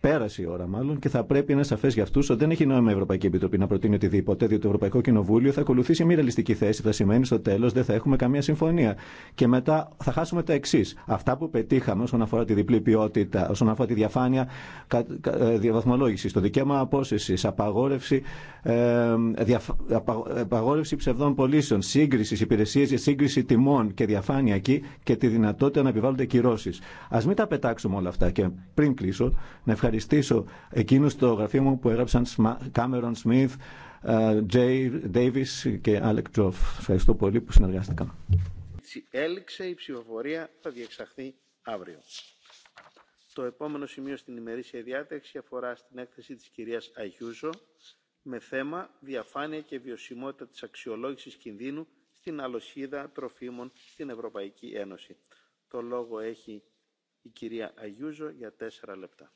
Πέρασε η ώρα μάλλον και θα πρέπει να σαφέ για αυτού ότι δεν έχει νόημα η Ευρωπαϊκή Επιτροπή να προτείνει οτιδήποτε, διότι το Ευρωπαϊκό Κοινοβούλιο θα ακολουθήσει μια ρεαλιστική θέση. Θα σημαίνει στο τέλο δεν θα έχουμε καμία συμφωνία. Και μετά θα χάσουμε τα εξή. Αυτά που πετύχαμε όσον αφορά τη διπλή ποιότητα, όσον αφορά τη διαφάνεια ε, διαβαθμολόγηση, το δικαίωμα απόσυρση, απαγόρευση, ε, απαγόρευση ψευδών πωλήσεων, σύγκριση υπηρεσίε για σύγκριση τιμών και διαφάνεια εκεί και τη δυνατότητα να επιβάλλονται κυρώσει. Α μην τα πετάξουμε όλα αυτά και πριν κλείσω, ευχαριστήσω εκείνους στο γραφείο μου που έγραψαν Κάμερον Σμιθ, ε, Τζέι Ντέιβις και Άλεκ Τζοφ. Ευχαριστώ πολύ που συνεργάστηκαν. Έληξε η ψηφοφορία, θα διεξαχθεί αύριο. Το επόμενο σημείο στην ημερήσια διάταξη αφορά στην έκθεση της κυρίας Αγιούζο με θέμα διαφάνεια και βιωσιμότητα της αξιολόγησης κινδύνου στην αλωσίδα τροφίμων στην Ευρωπαϊκή Ένωση. Το λόγο έχει η κυρία Αγιούζο για τέσσερα λεπτά.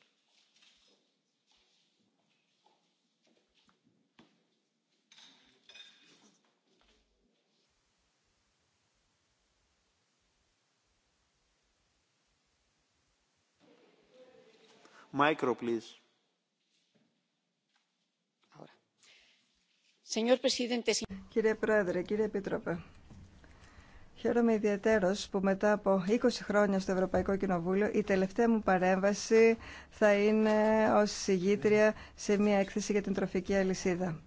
Κύριε Πρόεδρε, κύριε Επίτροπε, χαίρομαι ιδιαίτερω που μετά από 20 χρόνια στο Ευρωπαϊκό Κοινοβούλιο η τελευταία μου παρέμβαση θα είναι ως συγγήτρια σε μια έκθεση για την τροφική αλυσίδα.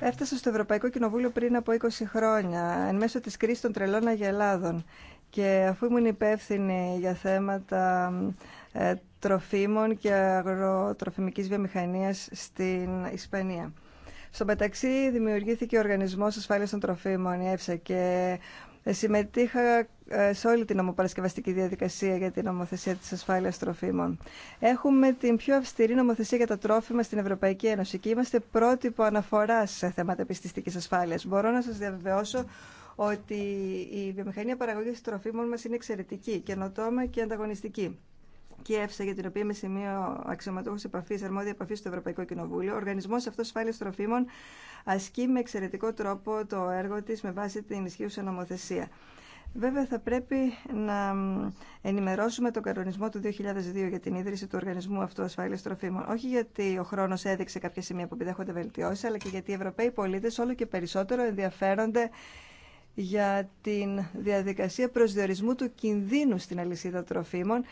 Έφτασα στο Ευρωπαϊκό Κοινοβούλιο πριν από 20 χρόνια, εν μέσω της κρίσης των τρελών αγελάδων και αφού ήμουν υπεύθυνη για θέματα ε, τροφίμων και αγροτροφημικής βιομηχανίας στην Ισπανία. Στο μεταξύ δημιουργήθηκε ο Οργανισμός Ασφάλειας των Τροφίμων, η ΕΦΣΑ, και ε, συμμετείχα ε, σε όλη την νομοπαρασκευαστική διαδικασία για την νομοθεσία της ασφάλειας τροφίμων. Έχουμε την πιο αυστηρή νομοθεσία για τα τρόφιμα στην Ευρωπαϊκή Ένωση και είμαστε πρότυπο αναφορά σε θέματα επιστηστικής ασφάλειας. Μπορώ να σας διαβεβαιώσω ότι η βιομηχανία παραγωγή τροφίμων μα είναι εξαιρετική, καινοτόμα και ανταγωνιστική. Και η για την οποία είμαι σημείο αξιωματούχο επαφή, αρμόδια επαφή στο Ευρωπαϊκό Κοινοβούλιο, ο Οργανισμό Αυτό Ασφάλεια Τροφίμων ασκεί με εξαιρετικό τρόπο το έργο τη με βάση την ισχύουσα νομοθεσία. Βέβαια θα πρέπει να ενημερώσουμε τον κανονισμό του 2002 για την ίδρυση του Οργανισμού Αυτού Ασφάλεια Τροφίμων. Όχι γιατί ο χρόνο έδειξε κάποια σημεία που επιδέχονται βελτιώσει, αλλά και γιατί οι Ευρωπαίοι πολίτε όλο και περισσότερο ενδιαφέρονται για την διαδικασία προσδιορισμού του κινδύνου στην αλυσίδα τροφίμων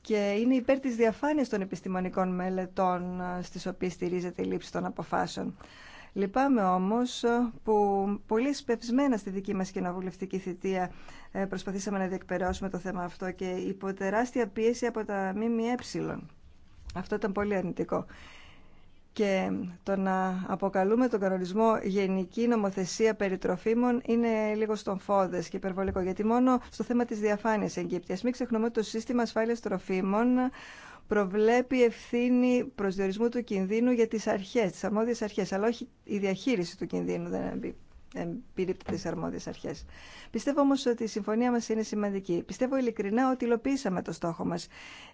και είναι υπέρ της διαφάνειας των επιστημονικών μελετών στις οποίες στηρίζεται η λήψη των αποφάσεων. Λυπάμαι όμως που πολύ σπευσμένα στη δική μας κοινοβουλευτική θητεία ε, προσπαθήσαμε να διεκπαιρεώσουμε το θέμα αυτό και υπό τεράστια πίεση από τα ΜΜΕ. Αυτό ήταν πολύ αρνητικό. Και το να αποκαλούμε τον κανονισμό γενική νομοθεσία περί είναι λίγο στον φόδες και υπερβολικό, γιατί μόνο στο θέμα της διαφάνειας εγκύπτει. Α μην ξεχνούμε ότι το σύστημα ασφάλειας τροφίμων προβλέπει ευθύνη προσδιορισμού του κινδύνου για τις αρχές, τις αρμόδιες αρχές, αλλά όχι η διαχείριση του κινδύνου δεν εμπειρίπτει τι αρμόδιε αρχέ. Πιστεύω όμω ότι η συμφωνία μα είναι σημαντική. Πιστεύω ειλικρινά ότι υλοποίησαμε το στόχο μα,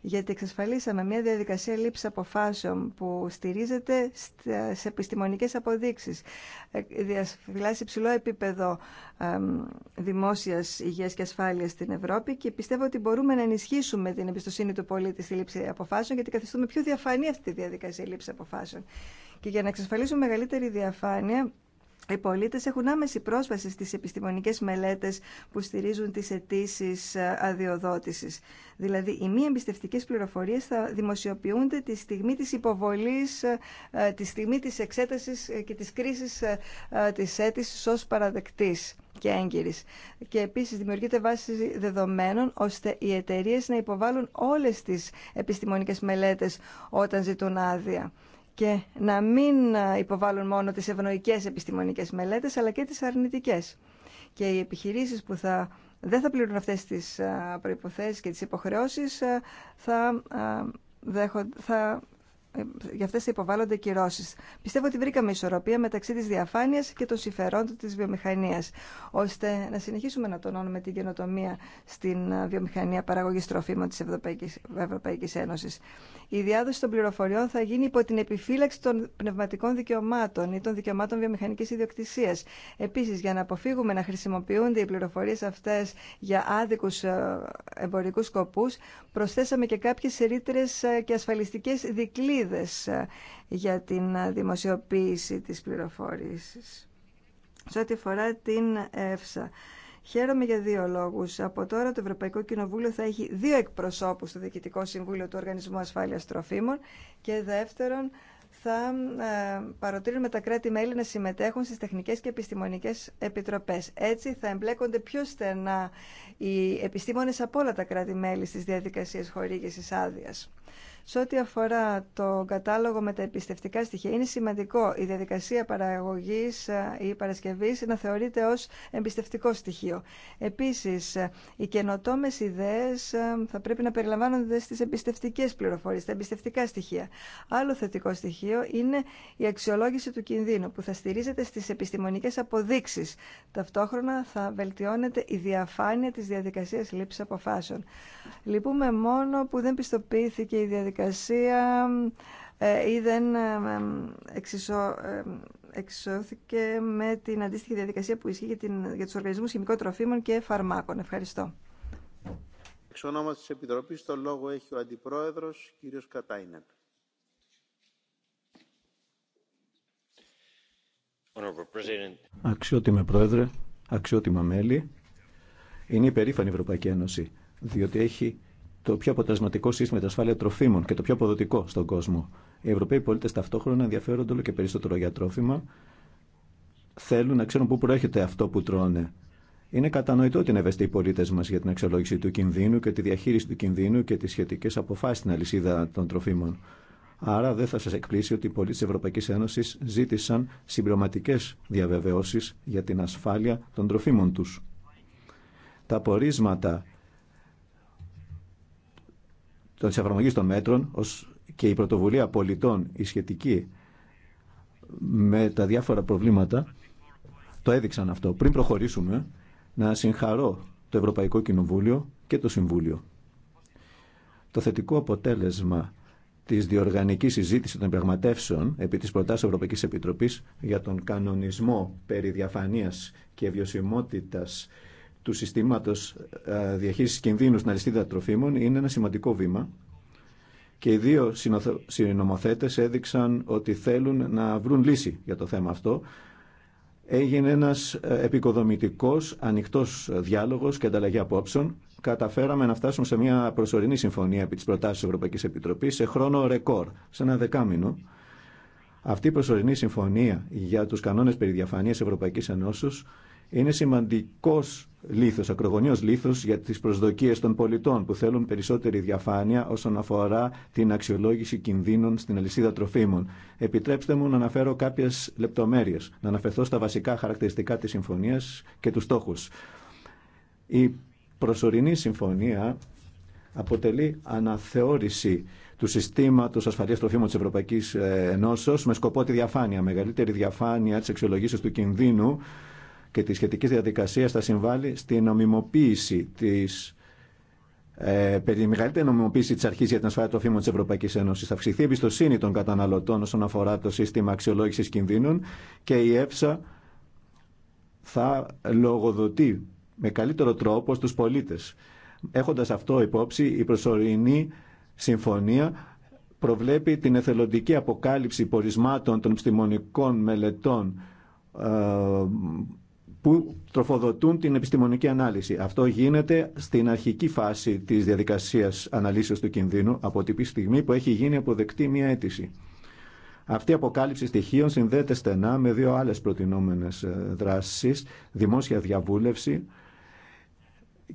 γιατί εξασφαλίσαμε μια διαδικασία λήψη αποφάσεων που στηρίζεται σε επιστημονικέ αποδείξει. Ε, Διασφυλάσσει υψηλό επίπεδο δημόσια υγεία και ασφάλεια στην Ευρώπη και πιστεύω ότι μπορούμε να ενισχύσουμε την εμπιστοσύνη του πολίτη στη λήψη αποφάσεων, γιατί καθιστούμε πιο διαφανή αυτή τη διαδικασία λήψη αποφάσεων. Και για να εξασφαλίσουμε μεγαλύτερη διαφάνεια, οι πολίτες έχουν άμεση πρόσβαση στις επιστημονικές μελέτες που στηρίζουν τις αιτήσει ε, αδειοδότησης. Δηλαδή, οι μη εμπιστευτικές πληροφορίες θα δημοσιοποιούνται τη στιγμή της υποβολής, ε, ε, τη στιγμή της εξέτασης και της κρίσης της αίτηση ως παραδεκτής και έγκυρης. Και επίσης δημιουργείται βάση δεδομένων ώστε οι εταιρείε να υποβάλουν όλες τις επιστημονικές μελέτες όταν ζητούν άδεια και να μην υποβάλουν μόνο τις ευνοϊκές επιστημονικές μελέτες αλλά και τις αρνητικές. Και οι επιχειρήσεις που θα, δεν θα πληρούν αυτές τις προϋποθέσεις και τις υποχρεώσεις θα, θα για αυτές θα υποβάλλονται κυρώσεις. Πιστεύω ότι βρήκαμε ισορροπία μεταξύ της διαφάνειας και των συμφερόντων της βιομηχανίας, ώστε να συνεχίσουμε να τονώνουμε την καινοτομία στην ε, βιομηχανία παραγωγής τροφίμων της Ευρωπαϊκής, Ευρωπαϊκής Ένωσης. Η διάδοση των πληροφοριών θα γίνει υπό την επιφύλαξη των πνευματικών δικαιωμάτων ή των δικαιωμάτων βιομηχανική ιδιοκτησία. Επίση, για να αποφύγουμε να χρησιμοποιούνται οι πληροφορίε αυτέ για άδικου ε, εμπορικού σκοπού, προσθέσαμε και κάποιε ρήτρες ε, και ασφαλιστικέ δικλείδε ε, για την ε, δημοσιοποίηση της πληροφόρησης. Σε ό,τι αφορά την ΕΦΣΑ. Χαίρομαι για δύο λόγους. Από τώρα το Ευρωπαϊκό Κοινοβούλιο θα έχει δύο εκπροσώπους στο Διοικητικό Συμβούλιο του Οργανισμού Ασφάλειας Τροφίμων και δεύτερον θα ε, παροτρύνουμε τα κράτη-μέλη να συμμετέχουν στις τεχνικές και επιστημονικές επιτροπές. Έτσι θα εμπλέκονται πιο στενά οι επιστήμονες από όλα τα κράτη-μέλη στις διαδικασίες χορήγησης άδεια. Σε ό,τι αφορά το κατάλογο με τα επιστευτικά στοιχεία, είναι σημαντικό η διαδικασία παραγωγής ή ε, παρασκευής να θεωρείται ως εμπιστευτικό στοιχείο. Επίσης, ε, οι καινοτόμε ιδέες θα πρέπει να περιλαμβάνονται στις εμπιστευτικές πληροφορίες, τα εμπιστευτικά στοιχεία. Άλλο θετικό στοιχείο είναι η αξιολόγηση του κινδύνου που θα στηρίζεται στις επιστημονικές αποδείξεις. Ταυτόχρονα θα βελτιώνεται η διαφάνεια της διαδικασίας λήψης αποφάσεων. Λυπούμε μόνο που δεν πιστοποιήθηκε η διαδικασία ε, ή δεν ε, ε, εξισώθηκε με την αντίστοιχη διαδικασία που ισχύει για, την, για τους οργανισμούς χημικών τροφίμων και φαρμάκων. Ευχαριστώ. Εξ ονόμα της Επιτροπής, το λόγο έχει ο Αντιπρόεδρος, κύριος Κατάινεν. Αξιότιμε Πρόεδρε, αξιότιμα μέλη, είναι υπερήφανη η Ευρωπαϊκή Ένωση, διότι έχει το πιο αποτελεσματικό σύστημα για ασφάλεια τροφίμων και το πιο αποδοτικό στον κόσμο. Οι Ευρωπαίοι πολίτε ταυτόχρονα ενδιαφέρονται όλο και περισσότερο για τρόφιμα. Θέλουν να ξέρουν πού προέρχεται αυτό που τρώνε. Είναι κατανοητό ότι είναι ευαίσθητοι οι πολίτε μα για την αξιολόγηση του κινδύνου και τη διαχείριση του κινδύνου και τι σχετικέ αποφάσει στην αλυσίδα των τροφίμων. Άρα δεν θα σας εκπλήσει ότι οι πολίτες της Ευρωπαϊκής Ένωσης ζήτησαν συμπληρωματικές διαβεβαιώσεις για την ασφάλεια των τροφίμων τους. Τα πορίσματα της εφαρμογής των μέτρων και η πρωτοβουλία πολιτών η σχετική με τα διάφορα προβλήματα το έδειξαν αυτό. Πριν προχωρήσουμε να συγχαρώ το Ευρωπαϊκό Κοινοβούλιο και το Συμβούλιο. Το θετικό αποτέλεσμα τη διοργανική συζήτηση των πραγματεύσεων επί τη προτάσεω Ευρωπαϊκή Επιτροπή για τον κανονισμό περί διαφανεία και βιωσιμότητα του συστήματο ε, διαχείριση κινδύνου στην αλυσίδα τροφίμων είναι ένα σημαντικό βήμα. Και οι δύο συνομοθέτε έδειξαν ότι θέλουν να βρουν λύση για το θέμα αυτό έγινε ένας ε, επικοδομητικός, ανοιχτός διάλογος και ανταλλαγή απόψεων. Καταφέραμε να φτάσουμε σε μια προσωρινή συμφωνία επί της προτάσεως της Ευρωπαϊκής Επιτροπής σε χρόνο ρεκόρ, σε ένα δεκάμινο. Αυτή η προσωρινή συμφωνία για τους κανόνες περί διαφανείας Ευρωπαϊκής Ενώσεως είναι σημαντικός λίθος, ακρογωνίος λίθος για τις προσδοκίες των πολιτών που θέλουν περισσότερη διαφάνεια όσον αφορά την αξιολόγηση κινδύνων στην αλυσίδα τροφίμων. Επιτρέψτε μου να αναφέρω κάποιες λεπτομέρειες, να αναφερθώ στα βασικά χαρακτηριστικά της συμφωνίας και τους στόχους. Η προσωρινή συμφωνία αποτελεί αναθεώρηση του συστήματο ασφαλεία τροφίμων τη Ευρωπαϊκή Ενώσεω με σκοπό τη διαφάνεια, μεγαλύτερη διαφάνεια τη αξιολογήσεω του κινδύνου και της σχετικής διαδικασίας θα συμβάλλει στην νομιμοποίηση της ε, περί μεγαλύτερη νομιμοποίηση τη αρχή για την ασφάλεια των φήμων τη Ευρωπαϊκή Ένωση. Θα αυξηθεί η εμπιστοσύνη των καταναλωτών όσον αφορά το σύστημα αξιολόγηση κινδύνων και η ΕΦΣΑ θα λογοδοτεί με καλύτερο τρόπο στους πολίτες. Έχοντας αυτό υπόψη, η προσωρινή συμφωνία προβλέπει την εθελοντική αποκάλυψη πορισμάτων των επιστημονικών μελετών ε, που τροφοδοτούν την επιστημονική ανάλυση. Αυτό γίνεται στην αρχική φάση της διαδικασίας αναλύσεως του κινδύνου από την στιγμή που έχει γίνει αποδεκτή μια αίτηση. Αυτή η αποκάλυψη στοιχείων συνδέεται στενά με δύο άλλες προτινόμενες ε, δράσεις, δημόσια διαβούλευση,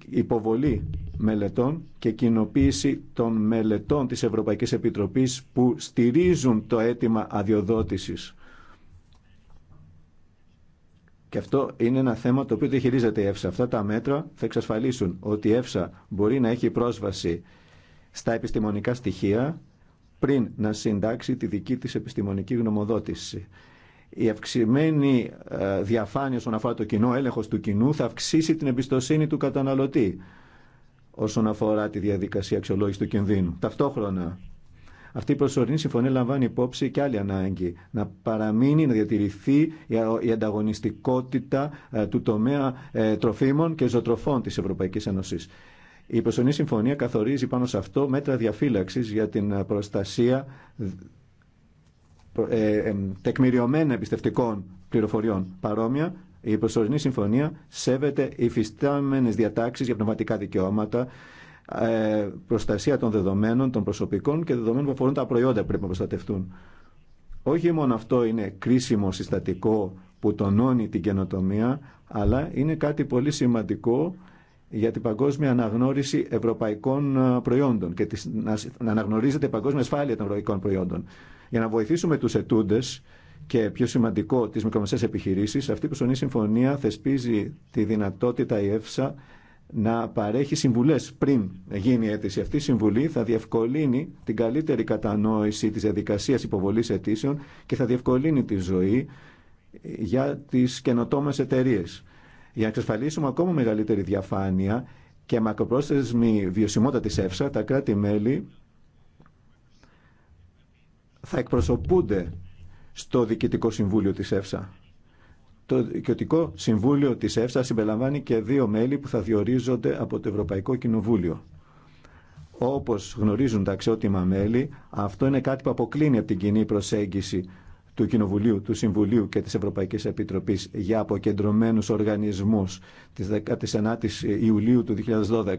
υποβολή μελετών και κοινοποίηση των μελετών της Ευρωπαϊκής Επιτροπής που στηρίζουν το αίτημα αδειοδότησης και αυτό είναι ένα θέμα το οποίο διαχειρίζεται η ΕΦΣΑ. Αυτά τα μέτρα θα εξασφαλίσουν ότι η ΕΦΣΑ μπορεί να έχει πρόσβαση στα επιστημονικά στοιχεία πριν να συντάξει τη δική της επιστημονική γνωμοδότηση. Η αυξημένη ε, διαφάνεια όσον αφορά το κοινό, έλεγχος του κοινού, θα αυξήσει την εμπιστοσύνη του καταναλωτή όσον αφορά τη διαδικασία αξιολόγηση του κινδύνου. Ταυτόχρονα αυτή η προσωρινή συμφωνία λαμβάνει υπόψη και άλλη ανάγκη. Να παραμείνει, να διατηρηθεί η ανταγωνιστικότητα ε, του τομέα ε, τροφίμων και ζωοτροφών της Ευρωπαϊκής Ένωσης. Η προσωρινή συμφωνία καθορίζει πάνω σε αυτό μέτρα διαφύλαξης για την ε, προστασία τεκμηριωμένων εμπιστευτικών πληροφοριών. Παρόμοια, η προσωρινή συμφωνία σέβεται υφιστάμενες διατάξεις για πνευματικά δικαιώματα, ε, προστασία των δεδομένων, των προσωπικών και δεδομένων που αφορούν τα προϊόντα που πρέπει να προστατευτούν. Όχι μόνο αυτό είναι κρίσιμο συστατικό που τονώνει την καινοτομία, αλλά είναι κάτι πολύ σημαντικό για την παγκόσμια αναγνώριση ευρωπαϊκών ε, προϊόντων και να αναγνωρίζεται η παγκόσμια ασφάλεια των ευρωπαϊκών προϊόντων. Για να βοηθήσουμε τους ετούντες και πιο σημαντικό τις μικρομεσαίες επιχειρήσεις, αυτή η προσωνή συμφωνία θεσπίζει τη δυνατότητα η ΕΦΣΑ να παρέχει συμβουλές πριν γίνει η αίτηση. Αυτή η συμβουλή θα διευκολύνει την καλύτερη κατανόηση της διαδικασία υποβολής αιτήσεων και θα διευκολύνει τη ζωή για τις καινοτόμες εταιρείε. Για να εξασφαλίσουμε ακόμα μεγαλύτερη διαφάνεια και μακροπρόθεσμη βιωσιμότητα της ΕΦΣΑ, τα κράτη-μέλη θα εκπροσωπούνται στο Διοικητικό Συμβούλιο της ΕΦΣΑ. Το Δικαιωτικό Συμβούλιο της ΕΦΣΑ συμπεριλαμβάνει και δύο μέλη που θα διορίζονται από το Ευρωπαϊκό Κοινοβούλιο. Όπως γνωρίζουν τα αξιότιμα μέλη, αυτό είναι κάτι που αποκλίνει από την κοινή προσέγγιση του Κοινοβουλίου, του Συμβουλίου και της Ευρωπαϊκής Επιτροπής για αποκεντρωμένους οργανισμούς της 19ης Ιουλίου του 2012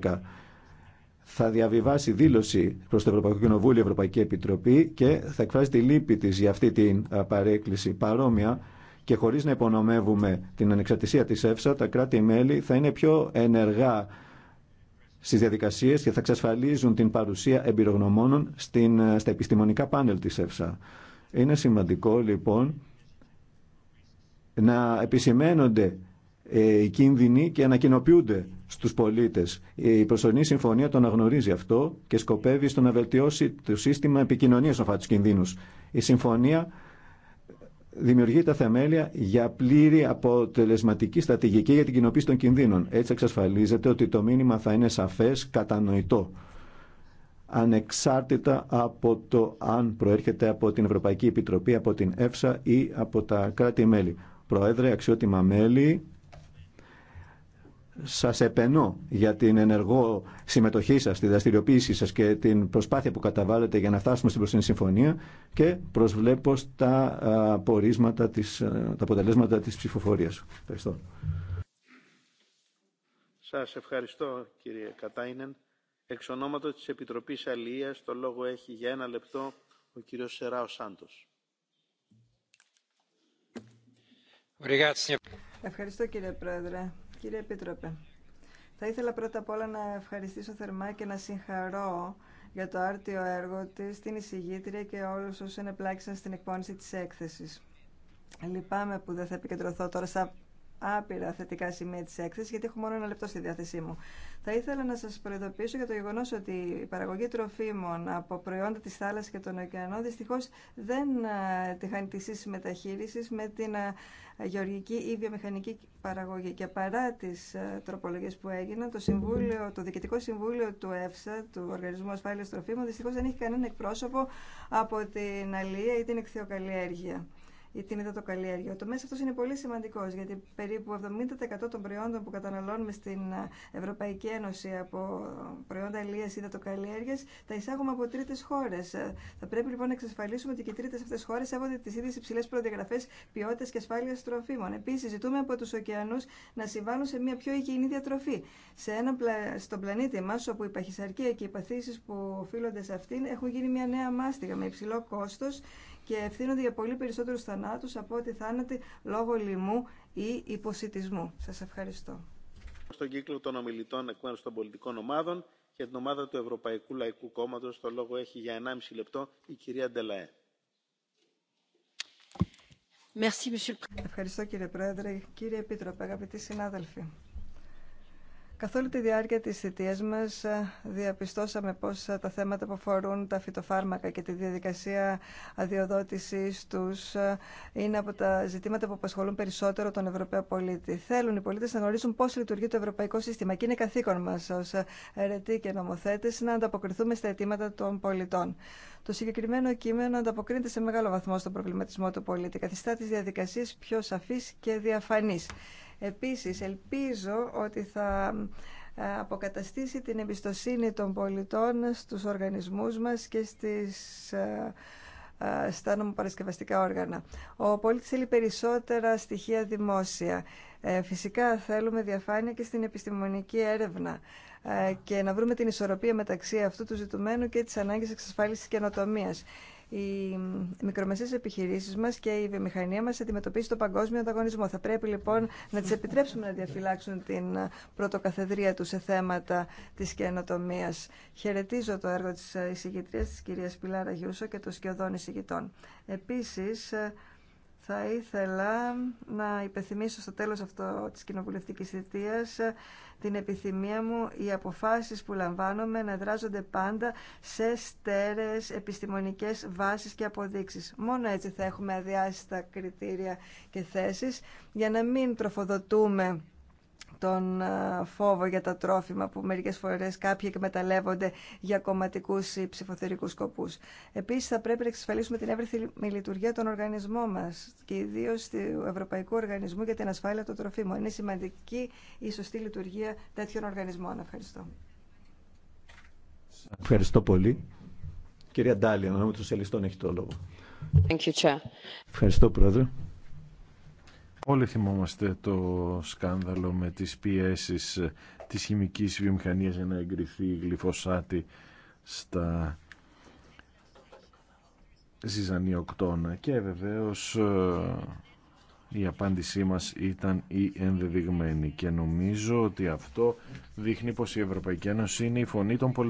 θα διαβιβάσει δήλωση προ το Ευρωπαϊκό Κοινοβούλιο, Ευρωπαϊκή Επιτροπή και θα εκφράσει τη λύπη τη για αυτή την παρέκκληση. Παρόμοια, και χωρίς να υπονομεύουμε την ανεξαρτησία της ΕΦΣΑ, τα κράτη-μέλη θα είναι πιο ενεργά στις διαδικασίες και θα εξασφαλίζουν την παρουσία εμπειρογνωμόνων στα επιστημονικά πάνελ της ΕΦΣΑ. Είναι σημαντικό λοιπόν να επισημένονται ε, οι κίνδυνοι και να κοινοποιούνται στου πολίτες. Η προσωρινή συμφωνία το αναγνωρίζει αυτό και σκοπεύει στο να βελτιώσει το σύστημα επικοινωνία των φάτους κινδύνους. Η συμφωνία δημιουργεί τα θεμέλια για πλήρη αποτελεσματική στρατηγική για την κοινοποίηση των κινδύνων. Έτσι εξασφαλίζεται ότι το μήνυμα θα είναι σαφές, κατανοητό, ανεξάρτητα από το αν προέρχεται από την Ευρωπαϊκή Επιτροπή, από την ΕΦΣΑ ή από τα κράτη-μέλη. Προέδρε, αξιότιμα μέλη, σας επενώ για την ενεργό συμμετοχή σας, τη δραστηριοποίησή σας και την προσπάθεια που καταβάλλετε για να φτάσουμε στην προσθένη συμφωνία και προσβλέπω στα της, τα αποτελέσματα της ψηφοφορίας. Ευχαριστώ. Σας ευχαριστώ κύριε Κατάινεν. Εξ ονόματο της Επιτροπής Αλληλείας το λόγο έχει για ένα λεπτό ο κύριος Σεράο Σάντος. Ευχαριστώ κύριε Πρόεδρε κύριε Επίτροπε. Θα ήθελα πρώτα απ' όλα να ευχαριστήσω θερμά και να συγχαρώ για το άρτιο έργο της, την εισηγήτρια και όλους όσους ενεπλάξαν στην εκπόνηση της έκθεσης. Λυπάμαι που δεν θα επικεντρωθώ τώρα στα άπειρα θετικά σημεία τη έκθεση, γιατί έχω μόνο ένα λεπτό στη διάθεσή μου. Θα ήθελα να σα προειδοποιήσω για το γεγονό ότι η παραγωγή τροφίμων από προϊόντα τη θάλασσα και των ωκεανών δυστυχώ δεν ε, τη χάνει τη μεταχείριση με την ε, γεωργική ή βιομηχανική παραγωγή. Και παρά τι ε, τροπολογίε που έγιναν, το, συμβούλιο, το Διοικητικό Συμβούλιο του ΕΦΣΑ, του Οργανισμού Ασφάλεια Τροφίμων, δυστυχώ δεν έχει κανένα εκπρόσωπο από την Αλία ή την εκθειοκαλλιέργεια ή την υδατοκαλλιέργεια. Ο τομέα αυτό είναι πολύ σημαντικό γιατί περίπου 70% των προϊόντων που καταναλώνουμε στην ε, Ευρωπαϊκή Ένωση από προϊόντα αλληλεία ή υδατοκαλλιέργεια τα εισάγουμε από τρίτε χώρε. Ε, θα πρέπει λοιπόν να εξασφαλίσουμε ότι και οι τρίτε αυτέ χώρε σέβονται τι ίδιε υψηλέ προδιαγραφέ ποιότητα και ασφάλεια τροφίμων. Επίση, ζητούμε από του ωκεανού να συμβάλλουν σε μια πιο υγιεινή διατροφή. Σε ένα, στον πλανήτη μα, όπου η παχυσαρκία και οι παθήσει που οφείλονται σε αυτήν έχουν γίνει μια νέα μάστιγα με υψηλό κόστο και ευθύνονται για πολύ περισσότερου θανάτου από ό,τι θάνατοι λόγω λοιμού ή υποσυτισμού. Σα ευχαριστώ. Στον κύκλο των ομιλητών εκ μέρου των πολιτικών ομάδων και την ομάδα του Ευρωπαϊκού Λαϊκού Κόμματο, το λόγο έχει για 1,5 λεπτό η κυρία Ντελαέ. Ευχαριστώ κύριε Πρόεδρε, κύριε Επίτροπε, αγαπητοί συνάδελφοι. Καθ' όλη τη διάρκεια της θητείας μας ε, διαπιστώσαμε πως ε, τα θέματα που αφορούν τα φυτοφάρμακα και τη διαδικασία αδειοδότησης τους ε, είναι από τα ζητήματα που απασχολούν περισσότερο τον Ευρωπαίο πολίτη. Θέλουν οι πολίτες να γνωρίζουν πώς λειτουργεί το ευρωπαϊκό σύστημα και είναι καθήκον μας ως αιρετοί και νομοθέτες να ανταποκριθούμε στα αιτήματα των πολιτών. Το συγκεκριμένο κείμενο ανταποκρίνεται σε μεγάλο βαθμό στον προβληματισμό του πολίτη, καθιστά τις διαδικασίες πιο σαφείς και διαφανείς. Επίσης, ελπίζω ότι θα ε, αποκαταστήσει την εμπιστοσύνη των πολιτών στους οργανισμούς μας και στις, ε, ε, στα νομοπαρασκευαστικά όργανα. Ο πολίτης θέλει περισσότερα στοιχεία δημόσια. Φυσικά θέλουμε διαφάνεια και στην επιστημονική έρευνα και να βρούμε την ισορροπία μεταξύ αυτού του ζητουμένου και της ανάγκης εξασφάλισης καινοτομίας οι μικρομεσαίε επιχειρήσεις μας και η βιομηχανία μας αντιμετωπίζει το παγκόσμιο ανταγωνισμό. Θα πρέπει λοιπόν να τις επιτρέψουμε να διαφυλάξουν την πρωτοκαθεδρία του σε θέματα της καινοτομία. Χαιρετίζω το έργο της εισηγητρία τη κυρίας Πιλάρα Γιούσο και των σκιωδών εισηγητών. Επίσης, θα ήθελα να υπενθυμίσω στο τέλος αυτό της κοινοβουλευτικής θητείας ε, την επιθυμία μου οι αποφάσεις που λαμβάνομαι να δράζονται πάντα σε στέρεες επιστημονικές βάσεις και αποδείξεις. Μόνο έτσι θα έχουμε τα κριτήρια και θέσεις για να μην τροφοδοτούμε τον ε, φόβο για τα τρόφιμα που μερικές φορές κάποιοι εκμεταλλεύονται για κομματικούς ή ψηφοθερικούς σκοπούς. Επίσης θα πρέπει να εξασφαλίσουμε την εύρυθμη λειτουργία των οργανισμών μας και ιδίω του Ευρωπαϊκού Οργανισμού για την Ασφάλεια των Τροφίμων. Είναι σημαντική η σωστή λειτουργία τέτοιων οργανισμών. Ευχαριστώ. Ευχαριστώ πολύ. Κυρία Ντάλη, ανάμεσα των Σελιστών έχει το λόγο. Thank you, Ευχαριστώ, Πρόεδρε. Όλοι θυμόμαστε το σκάνδαλο με τις πιέσεις της χημικής βιομηχανίας για να εγκριθεί η γλυφοσάτη στα ζυζανιοκτώνα και βεβαίως ε, η απάντησή μας ήταν η ενδεδειγμένη και νομίζω ότι αυτό δείχνει πως η Ευρωπαϊκή Ένωση είναι η φωνή των πολιτών.